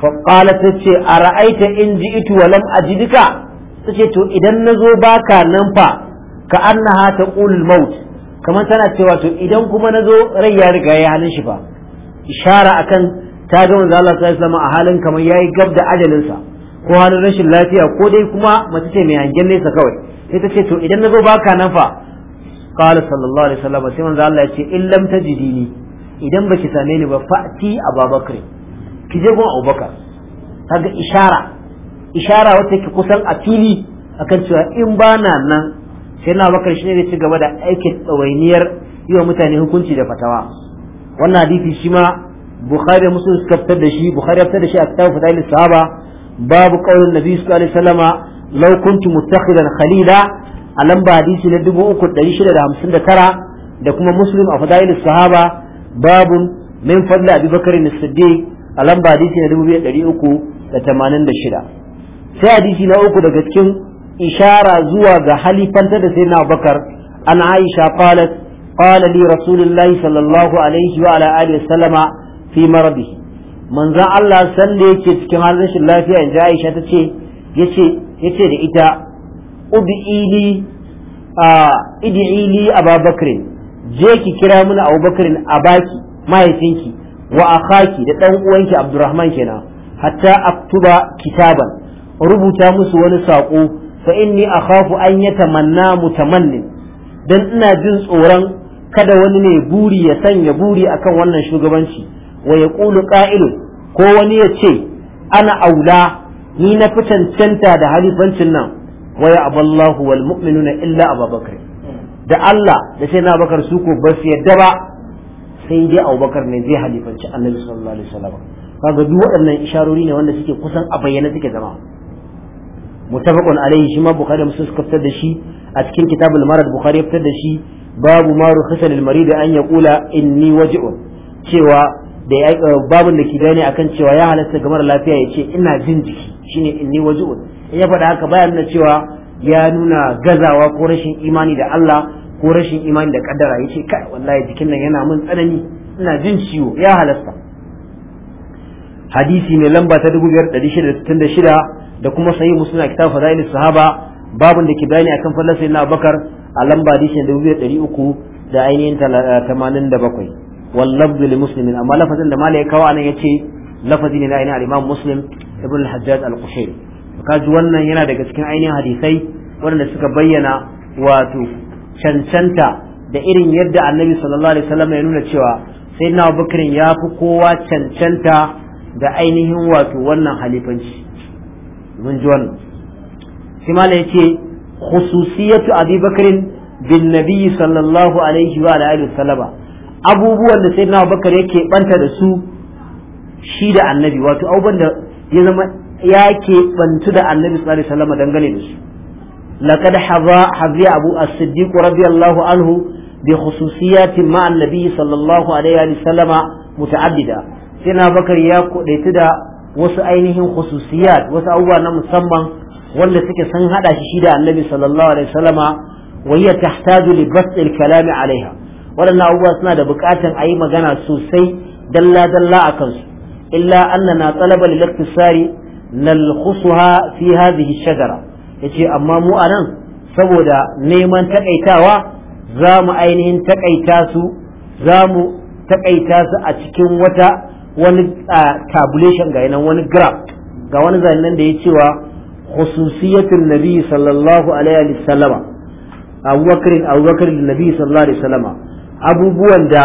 A: fa qala ta ce ara'aita in ji'tu wa lam ajidka ta ce to idan na zo baka nan fa ka annaha ta ƙulul maut kamar tana cewa to idan kuma na zo rai ya riga ya halin shi fa ishara akan ta ga manzo Allah sallallahu alaihi a halin kamar yayi gab da sa ko halin rashin lafiya ko dai kuma mace ce mai hangen nesa kawai sai ta ce to idan na zo baka nan fa qala sallallahu alaihi wasallam sai manzo Allah ya ce in lam tajidini idan baki same ni ba fa'ti ababakar ki je gon abubakar kaga ishara ishara wata ke kusan a fili akan cewa in ba na nan sai na bakar shi ne ci gaba da aikin tsawainiyar yi wa mutane hukunci da fatawa wannan hadisi shi ma bukhari muslim suka fitar da shi bukhari ya fitar da shi a kitabu fadail sahaba babu qaulin nabi sallallahu alaihi wasallama law kuntu mutakhidan khalila a lamba hadisi na 3659 da kuma muslim a fadail sahaba babu min fadli abubakar as-siddiq a lamba hadisi na 2386 sai hadisi na uku daga cikin ishara zuwa ga halifanta da saina Abubakar an Aisha qalat qala li rasulillahi sallallahu alaihi wa ala alihi wasallama fi maradihi manzon Allah sanda yake cikin halin lafiya inji Aisha tace yace yace da ita ubi'ili a idili ababakrin je ki kira mini abubakrin a baki mahaifinki wa akhaki da dan uwanki abdurrahman kenan hatta aktuba kitaban rubuta musu wani saƙo fa inni akhafu an yatamanna mutamannin dan ina jin tsoron kada wani ne buri ya sanya buri akan wannan shugabanci wa yaqulu qa'ilun ko wani ya ce ana aula ni na cancanta da halifancin nan wa ya aballahu wal mu'minuna illa abubakar da Allah da sai na bakar su ko ba su yadda ba sai dai abubakar ne zai halifanci annabi sallallahu alaihi wasallam kaga duk waɗannan isharori ne wanda suke kusan a bayyana suke zama mutafaqun alaihi shi ma bukhari da muslim suka fitar da shi a cikin kitabul marad bukhari ya fitar da shi babu ma rukhsa lil marid an yaqula inni waji'un cewa da eh, babun da ke bayani akan cewa ya halatta ga mara lafiya ya ce ina jin jiki shine inni waji'un in ya faɗa haka bayan nuna cewa ya nuna gazawa ko rashin imani da Allah ko rashin imani da kaddara yace kai wallahi jikin nan yana mun tsanani ina jin ciwo ya halasta hadisi mai lamba ta 5666 da kuma sahih muslim a kitabu fadail sahaba babun da ke bayani akan fallar sayyidina abubakar a lamba hadisi na 2300 da ainihin 87 eh, wallabdu li muslimin amma lafazin da malai kawo anan yace lafazi ne na ainihin al-imam muslim ibn al-hajjaj al-qushayri kaji wannan yana daga cikin ainihin hadisai waɗanda suka bayyana wato cancanta da irin yadda annabi sallallahu alaihi wasallam ya nuna cewa sai na ya fi kowa cancanta da ainihin wato wannan halifanci mun ji wannan shi mala yace khususiyatu abi bakrin bin nabi sallallahu alaihi wa alihi sallama abubuwan da sayyidina abubakar yake banta da su shi da annabi wato abubuwan da ya zama ya ke bantu da annabi sallallahu alaihi sallama dangane da su laqad haziya abu as-siddiq radiyallahu anhu bi khususiyatin ma annabi sallallahu alaihi wa sallama muta'addida Sina bakar ya kudaitu da wasu ainihin khususiyat wasu abubuwa na musamman wanda suke san hada shi shi da annabi sallallahu alaihi wasallama wa hiya tahtaju li basdil kalami alaiha waɗannan abubuwa suna da buƙatar a yi magana sosai dalla dalla a kansu illa annana talaba lil iktisari nalkhusuha fi hadhihi shajara yace amma mu anan saboda neman takaitawa za mu ainihin takaita su za mu takaita su a cikin wata wani tabulation ga yanan wani graph ga wani zanen da ya cewa khususiyatin nabi sallallahu alaihi wasallama abubakar abubakar da nabi sallallahu alaihi wasallama abubuwan da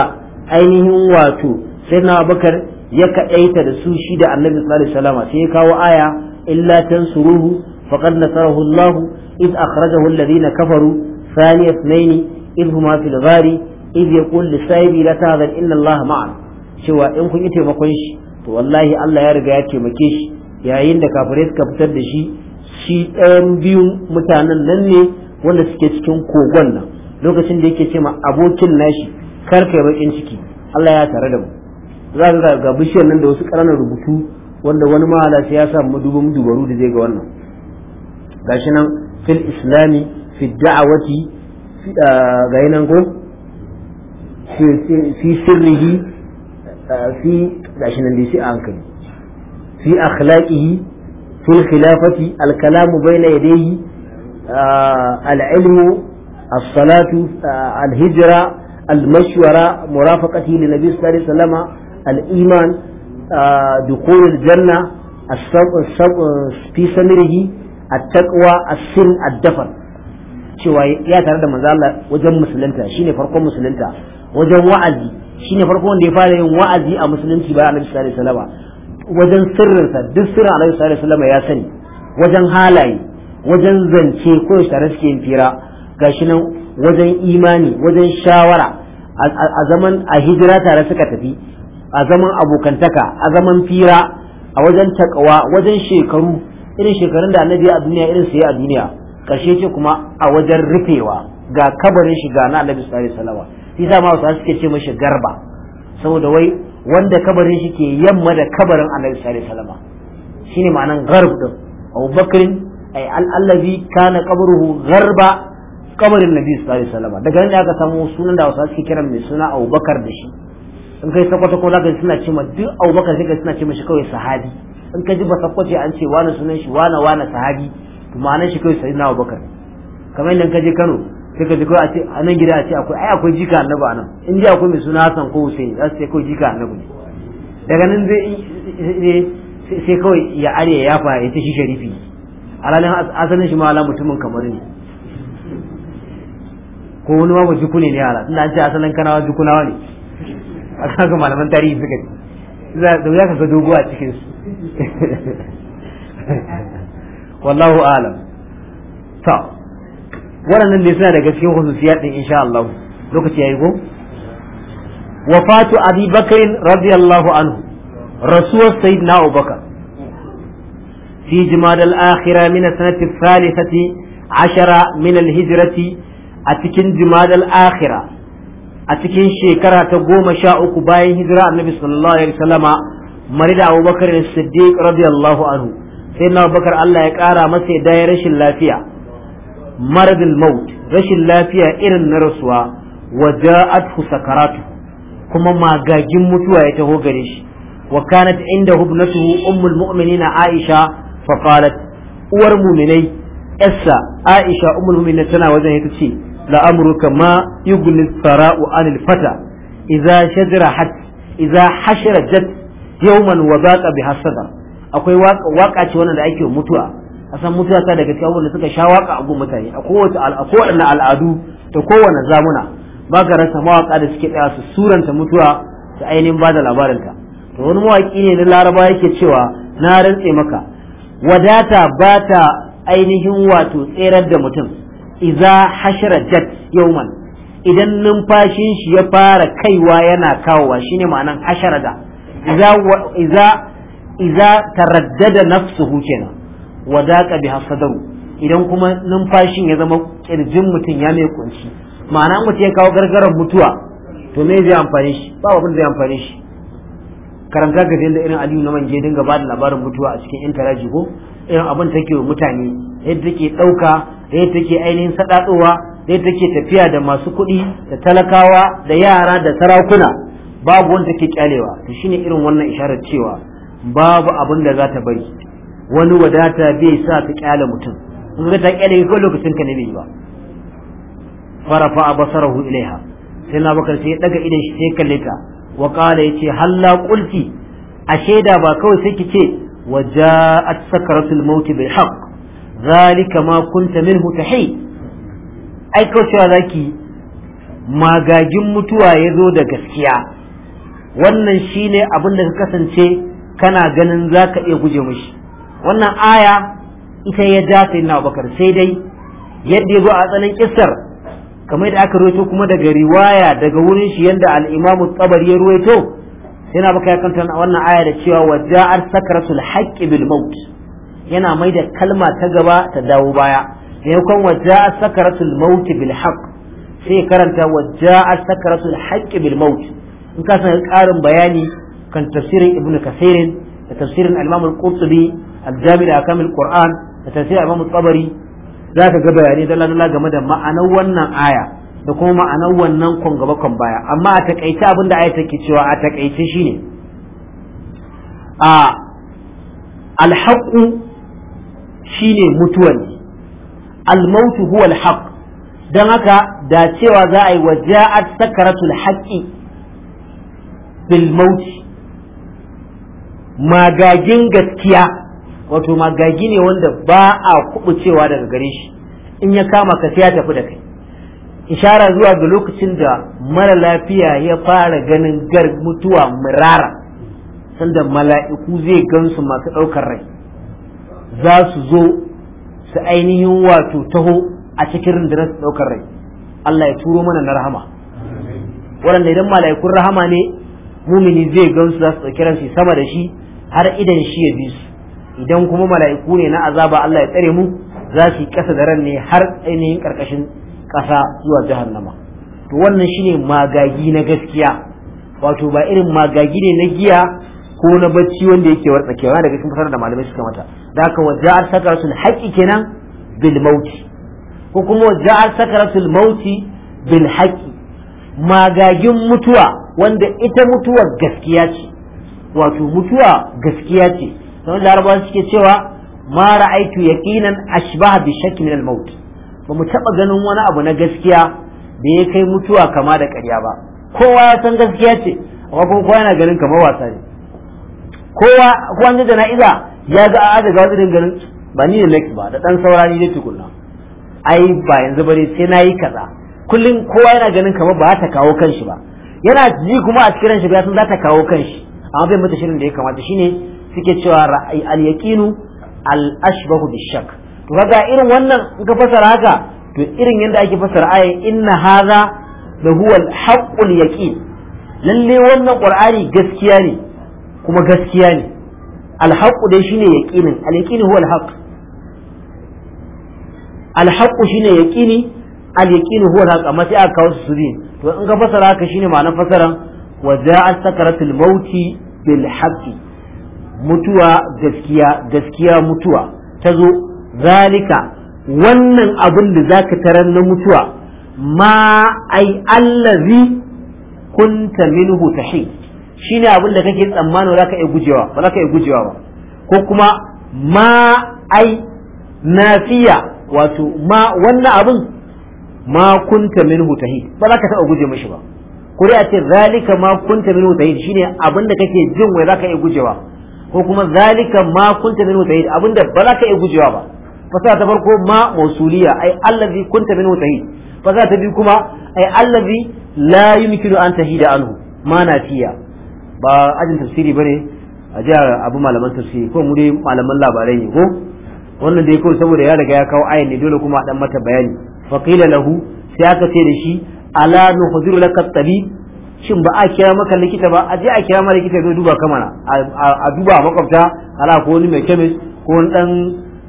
A: ainihin wato sai na abubakar ya kaɗaita da su shi da annabi sallallahu alaihi wasallama sai ya kawo aya illa tansuruhu faqad nasarahu Allah إذ أخرجه الذين كفروا ثاني اثنين إذ هما في الغار إذ يقول لصاحبه لا تهزن inna الله معنا cewa in kun yi taimakon shi to wallahi Allah ya riga ya taimake shi yayin da kafirai suka fitar da shi shi ɗayan biyun mutanen nan ne wanda suke cikin kogon nan lokacin da yake ce ma abokin nashi kar kai bakin ciki Allah ya tare da mu za ka ga ga bishiyar nan da wasu ƙananan rubutu wanda wani mahalaci ya samu dubin dubaru da zai ga wannan gashi nan fil islami fi da'awati ah, ga yanan ko fi sirrihi fi gashi nan dai sai a hankali fi akhlaqihi fil khilafati al kalamu bayna yadayhi al ilmu as salatu al hijra al mashwara murafaqati lin nabi al iman dukhul al janna fi samirihi at-taqwa adafar. sin ya tare da manzo Allah wajen musulunta shine farkon musulunta wajen wa'azi Shi ne farko wanda ya fara yin wa'azi a musulunci bayan annabi sallallahu alaihi wasallam wajen sirrinsa duk sirrin annabi sallallahu alaihi wasallam ya sani wajen halaye wajen zance ko tare suke yin fira gashi nan wajen imani wajen shawara a zaman a hijira tare suka tafi a zaman abokantaka a zaman fira a wajen takawa wajen shekaru irin shekarun da annabi a duniya irin sai a duniya karshe ce kuma a wajen rufewa ga kabarin shiga na annabi sallallahu alaihi wasallam shi sa ma wasu suke ce mashi garba saboda wai wanda kabarin shi ke yamma da kabarin annabi sallallahu alaihi wasallam shine ma'anan garb din abubakar ay allazi kana qabruhu garba kabarin nabi sallallahu alaihi wasallam daga nan aka samu sunan da wasu suke kiran mai suna abubakar da shi in kai sakwata ko zaka suna ce ma duk abubakar sai suna ce mashi kawai sahabi in ka ji ba sakwace an ce wani sunan shi wani wani sahabi to ma'anar shi kawai sayyidina Bakar kamar yadda ka je kano sai ka ji kawai a ce a nan gida a ce akwai ai akwai jika annabi a nan in ji akwai mai suna Hassan ko Hussein za su ce kawai jika annabi ne daga nan zai sai kawai ya are ya fa ya ta shi sharifi alalin asalin shi ma ala mutumin kamar ne ko wani ma ba ne ne ala tunda an ce asalin kanawa jukunawa ne a kaga malaman tarihi suka ce da wuya ka ga dogo a cikin su wallahu alam ta waɗannan ne suna daga cikin hususiyat din insha Allah lokaci yayi go wafatu abi bakr radiyallahu anhu rasuwar sayyidina abubakar fi jumada al-akhirah min sanati thalithati ashara min al-hijrati a cikin jumada al-akhirah a cikin shekara ta goma sha uku bayan hijira annabi sallallahu alaihi wasallama mari da abubakar siddiq radiyallahu anhu sai na abubakar Allah ya kara masa ya daya rashin lafiya maradul maut rashin lafiya irin na rasuwa wa ja'athu karatu kuma magagin mutuwa ya taho gare shi wa kanat inda hubnatuhu ummul mu'minina aisha fa qalat uwar mu'minai yassa aisha ummul mu'minina tana wajen ita ce la amruka ma yughni sara'u anil fata idza shajara hat idza hashara jat yawman wa zaqa bi hasada akwai waka ce wannan da ake mutuwa a san mutuwa daga cikin da suka sha waka a mutane a kowace al'adu da kowane zamuna ba ka rasa mawaka da suke tsaya su suranta mutuwa ta ainihin ba da labarinta to wani mawaki ne na laraba yake cewa na rantse maka wadata ba ta ainihin wato tserar da mutum iza hashara jat yauman idan numfashin shi ya fara kaiwa yana kawowa shine ma'anan hashara da iza iza taraddada nafsuhu kenan wadaka bi sadaru idan kuma numfashin ya zama kirjin mutum ya mai kunci ma'ana mutum ya kawo gargaran mutuwa to me zai amfane shi ba abin zai amfane shi karanta ga da irin aliyu na manje dinga ba da labarin mutuwa a cikin intaraji ko irin abin take wa mutane yadda take ɗauka yadda take ainihin saɗaɗowa yadda take tafiya da masu kuɗi da talakawa da yara da sarakuna babu wanda take kyalewa to shine irin wannan isharar cewa babu abin da za ta bari wani wadata bai sa ka kyale mutum in ga ta kyale ko lokacin ka ne bai ba farafa basarahu ilaiha sai na bakar sai ya daga idan shi sai kalle ta wa qala yace halla qulti a shaida ba kawai sai ki ce wa ja'at sakaratul maut bil haqq zalika ma kunta minhu tahi ai kawai cewa zaki magagin mutuwa ya zo da gaskiya wannan shine abin da ka kasance kana ganin zaka iya guje mishi wannan aya ita ya ja sai na bakar sai dai yadda ya zo a tsanin kisar kamar yadda aka ruwaito kuma daga riwaya daga wurin shi yadda al'imamu tsabar ya ruwaito sai na baka ya kanta wannan aya da cewa wa ja'ar sakaratul haqqi bil maut yana mai da kalma ta gaba ta dawo baya maimakon wa ja'ar sakaratul maut bil haqq sai karanta wa ja'ar sakaratul haqqi bil maut in ka san karin bayani kan tafsirin ibnu kasirin da tafsirin al-imam al-qurtubi aljami'a akamil qur'an da tafsir bamu tsabari za ka ga bayanai dalla dalla game da ma'anar wannan aya da kuma ma'anar wannan kon gaba kon baya amma a takaice abin da aya take cewa a takaice shine a alhaqu shine mutuwa ne almautu huwa alhaq dan haka da cewa za a yi waja'at sakaratul haqqi bil mauti magagin gaskiya wato magagi ne wanda ba a kubucewa daga gare shi in ya kama ka sai ya tafi da kai ishara zuwa ga lokacin da mara lafiya ya fara ganin gar mutuwa murara sanda mala'iku zai gansu masu ɗaukar rai za su zo su ainihin wato taho a cikin rundunar su ɗaukar rai Allah ya turo mana na rahama waɗanda idan mala'ikun rahama ne mumini zai gansu za su ɗauki ransu sama da shi har idan shi ya bi su idan kuma mala'iku ne na azaba Allah ya tsare mu za su yi ƙasa da ran ne har ainihin ƙarƙashin ƙasa zuwa jahannama to wannan shine magagi na gaskiya wato ba irin magagi ne na giya ko na bacci wanda yake kewa daga cikin fasar da malamai suka mata da haka waja'al sakaratul haqqi kenan bil mauti ko kuma waja'al sakaratul mauti bil haqqi magagin mutuwa wanda ita mutuwa gaskiya ce wato mutuwa gaskiya ce sun larabawa suke cewa ma ra'aitu yaqinan ashbah bi shakk min al-maut ba mu taba ganin wani abu na gaskiya da ya kai mutuwa kama da ƙarya ba kowa ya san gaskiya ce amma kuma kowa yana ganin kamar wasa ne kowa kowa ne jana'iza ya ga a daga irin ganin ba ni ne ba da dan saurari ne tukunna ai ba yanzu bane sai nayi kaza kullum kowa yana ganin kamar ba ta kawo kanshi ba yana ji kuma a cikin ba sun za ta kawo kanshi amma bai mata shirin da ya kamata shine suke cewa ra'ayi al-yaqinu al-ashbahu bishak to kaga irin wannan in ka fasara haka to irin yadda ake fasara ayin inna hadha da huwa al-haqqul yaqin lalle wannan qur'ani gaskiya ne kuma gaskiya ne al-haqqu dai shine yaqinin al-yaqinu huwa al-haqq al-haqqu shine yaqini al-yaqinu huwa al-haqq amma sai aka kawo su biyu to in ka fasara haka shine ma'anar fasaran wa ja'at sakaratul mauti bil haqqi mutuwa gaskiya gaskiya mutuwa ta zo zalika wannan abin da za ka tarar na mutuwa ma ai allazi kunta minhu tahi shine abin da kake tsammani za ka iya gujewa ba za ka iya gujewa ba ko kuma ma ai nafiya wato ma wannan abin ma kunta minhu tahi ba za ka taɓa guje mishi ba a ce zalika ma kunta minhu tahi shine abin da kake jin wai za ka iya gujewa ko kuma zalika ma kunta minhu da abinda ba za ka iya gujewa ba fasaha ta farko ma mausuliya ai allazi kunta minhu tahid fasaha ta biyu kuma ai allazi la yumkinu an tahida anhu ma fiya ba ajin tafsiri bane a jihar abu malaman tafsiri ko mu dai malaman labarai ne ko wannan dai kawai saboda ya riga ya kawo ayan ne dole kuma a dan mata bayani faqila lahu sai aka ce da shi ala nuhziru laka tabib shin ba a kira maka likita ba a je a kira ma likita zai duba kamana a duba a makwabta ala ko wani mai kemis ko wani dan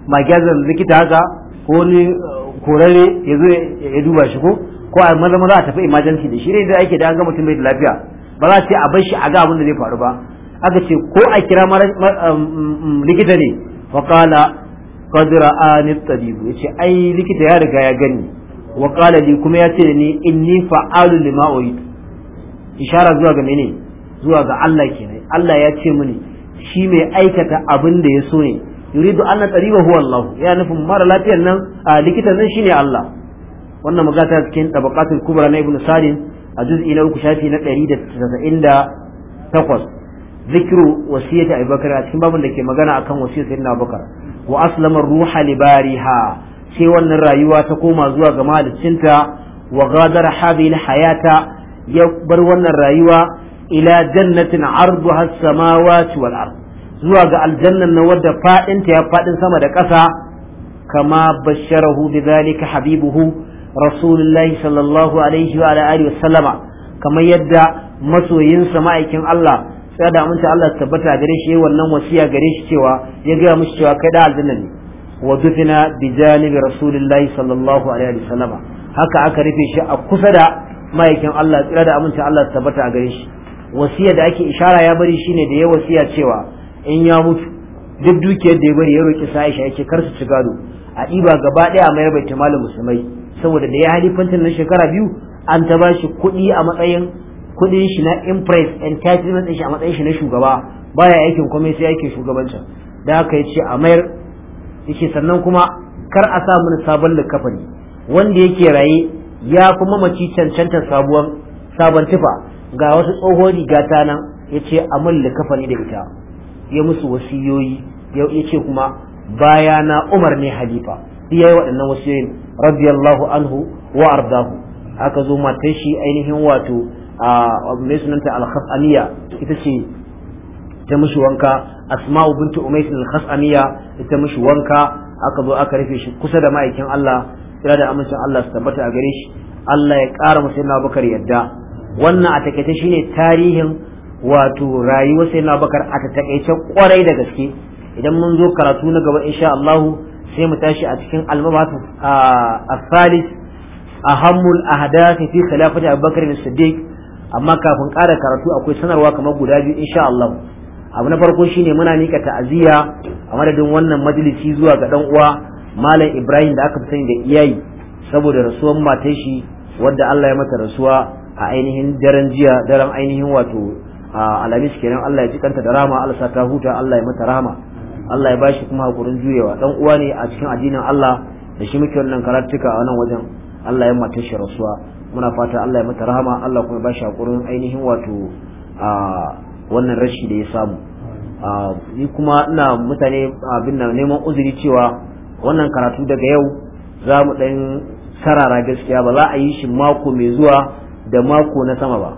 A: magazin likita haka ko wani eh, korare ya zo ya duba shi ko ko a maza maza a tafi emergency da shi ne da ake da an ga mutum bai da lafiya ba za a ce a bar shi a ga abin da zai faru ba aka ce ko a kira um, um, likita ne waƙala. qala qad tabib yace ai likita ya riga ya gani wa qala kuma ya ce ni inni fa'alu lima ishara zuwa ga mene zuwa ga Allah kenan Allah ya ce mini shi mai aikata abin da ya so ne yuridu anna tariba huwa Allah ya nufin mara lafiyar nan a likitan nan shine Allah wannan magana cikin tabaqatul kubra na ibnu salim a juz'i na uku shafi na 198 zikru wasiyati abubakar a cikin babin da ke magana akan wasiyar sayyidina abubakar wa aslama ruha bariha sai wannan rayuwa ta koma zuwa ga mahaliccinta wa ghadara hadhihi hayata ya bar wannan rayuwa ila jannatin arduha as-samawati wal ard zuwa ga aljannan na wadda fadinta ya fadin sama da ƙasa kama basharahu bidhalika habibuhu rasulullahi sallallahu alaihi wa alihi wa kamar yadda masoyinsa ma'aikin Allah sai da amince Allah tabbata gare shi wannan wasiya gare shi cewa ya gaya mushi cewa kai da aljanna ne wa dufina bi rasulillahi sallallahu alaihi wa haka aka rufe shi a kusa da ma'aikin Allah tsira da amincin Allah su tabbata a gare shi wasiya da ake ishara ya bari shine da ya wasiya cewa in ya mutu duk dukiyar da ya bari ya roki sa'isha yake kar su ci gado a ɗiba gaba ɗaya a mayar baitul malin musulmai saboda da ya halifantin na shekara biyu an ta bashi kuɗi a matsayin kuɗin shi na impress entitlement ɗin shi a matsayin shi na shugaba baya aikin komai sai aikin shugabanci da aka yi ce a mayar yake sannan kuma kar a sa mana sabon likafani wanda yake raye ya fi mamaci cancanta sabuwan sabon tufa ga wasu tsohon riga nan ya ce a mulli kafani da ita ya musu wasiyoyi ya ce kuma baya na umar ne halifa ya yi waɗannan wasiyoyin radiyallahu anhu wa ardahu aka zo matan shi ainihin wato a mai sunanta al ita ce ta mishi wanka asma'u bintu umaysin al-khasaniya ita mishi wanka aka zo aka rufe shi kusa da ma'aikin Allah kira da amincin Allah su tabbata a gare shi Allah ya ƙara musu na bakar yadda wannan a takaice shine tarihin wato rayuwar sai na bakar a takaice kwarai da gaske idan mun zo karatu na gaba insha Allah sai mu tashi a cikin almabasu a salis ahammul ahdathi fi khilafati abubakar as-siddiq amma kafin ƙara karatu akwai sanarwa kamar guda biyu insha Allah abu na farko shine muna mika ta'aziyya a madadin wannan majalisi zuwa ga dan uwa malam ibrahim da aka fi sani da iyayi saboda rasuwar matan shi wadda allah ya mata rasuwa a ainihin daren jiya daren ainihin wato alhamis kenan allah ya ji kanta da rama allah ta huta allah ya mata rama allah ya bashi kuma hakurin juyewa dan uwa ne a cikin addinin allah da shi muke wannan karatuka a wannan wajen allah ya mata shi rasuwa muna fata allah ya mata rama allah kuma ya bashi hakurin ainihin wato wannan rashi da ya samu ni kuma ina mutane abin nan neman uzuri cewa wannan karatu daga yau za mu ɗan sarara gaskiya ba za a yi shi mako mai zuwa da mako na sama ba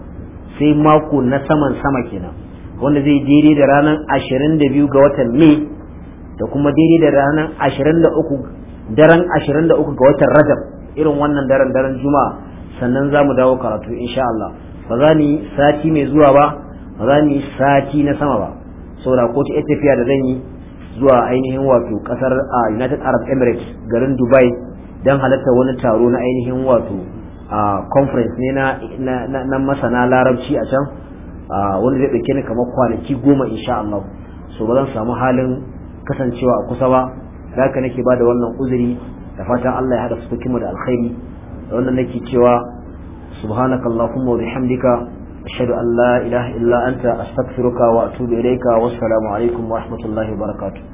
A: sai mako na saman sama kenan wanda zai daidai da ranar ashirin da biyu ga watan mai da kuma daidai da ranar ashirin da uku daren ashirin da uku ga watan rajab irin wannan daren daren juma'a sannan za mu dawo karatu insha Allah ba za ni sati mai zuwa ba ba za ni sati na sama ba saboda ko ta tafiya da zan yi zuwa ainihin wato kasar a United Arab Emirates garin Dubai don halatta wani taro na ainihin wato a conference ne na masana larabci a can wanda zai ɗauke ni kamar kwanaki goma insha Allah so ba zan samu halin kasancewa a kusa ba da haka nake ba da wannan uzuri da fatan Allah ya haɗa su da alkhairi da wannan nake cewa subhanakallahumma wa bihamdika ashhadu an la ilaha illa anta astaghfiruka wa atubu ilayka wassalamu alaikum wa rahmatullahi wa barakatuh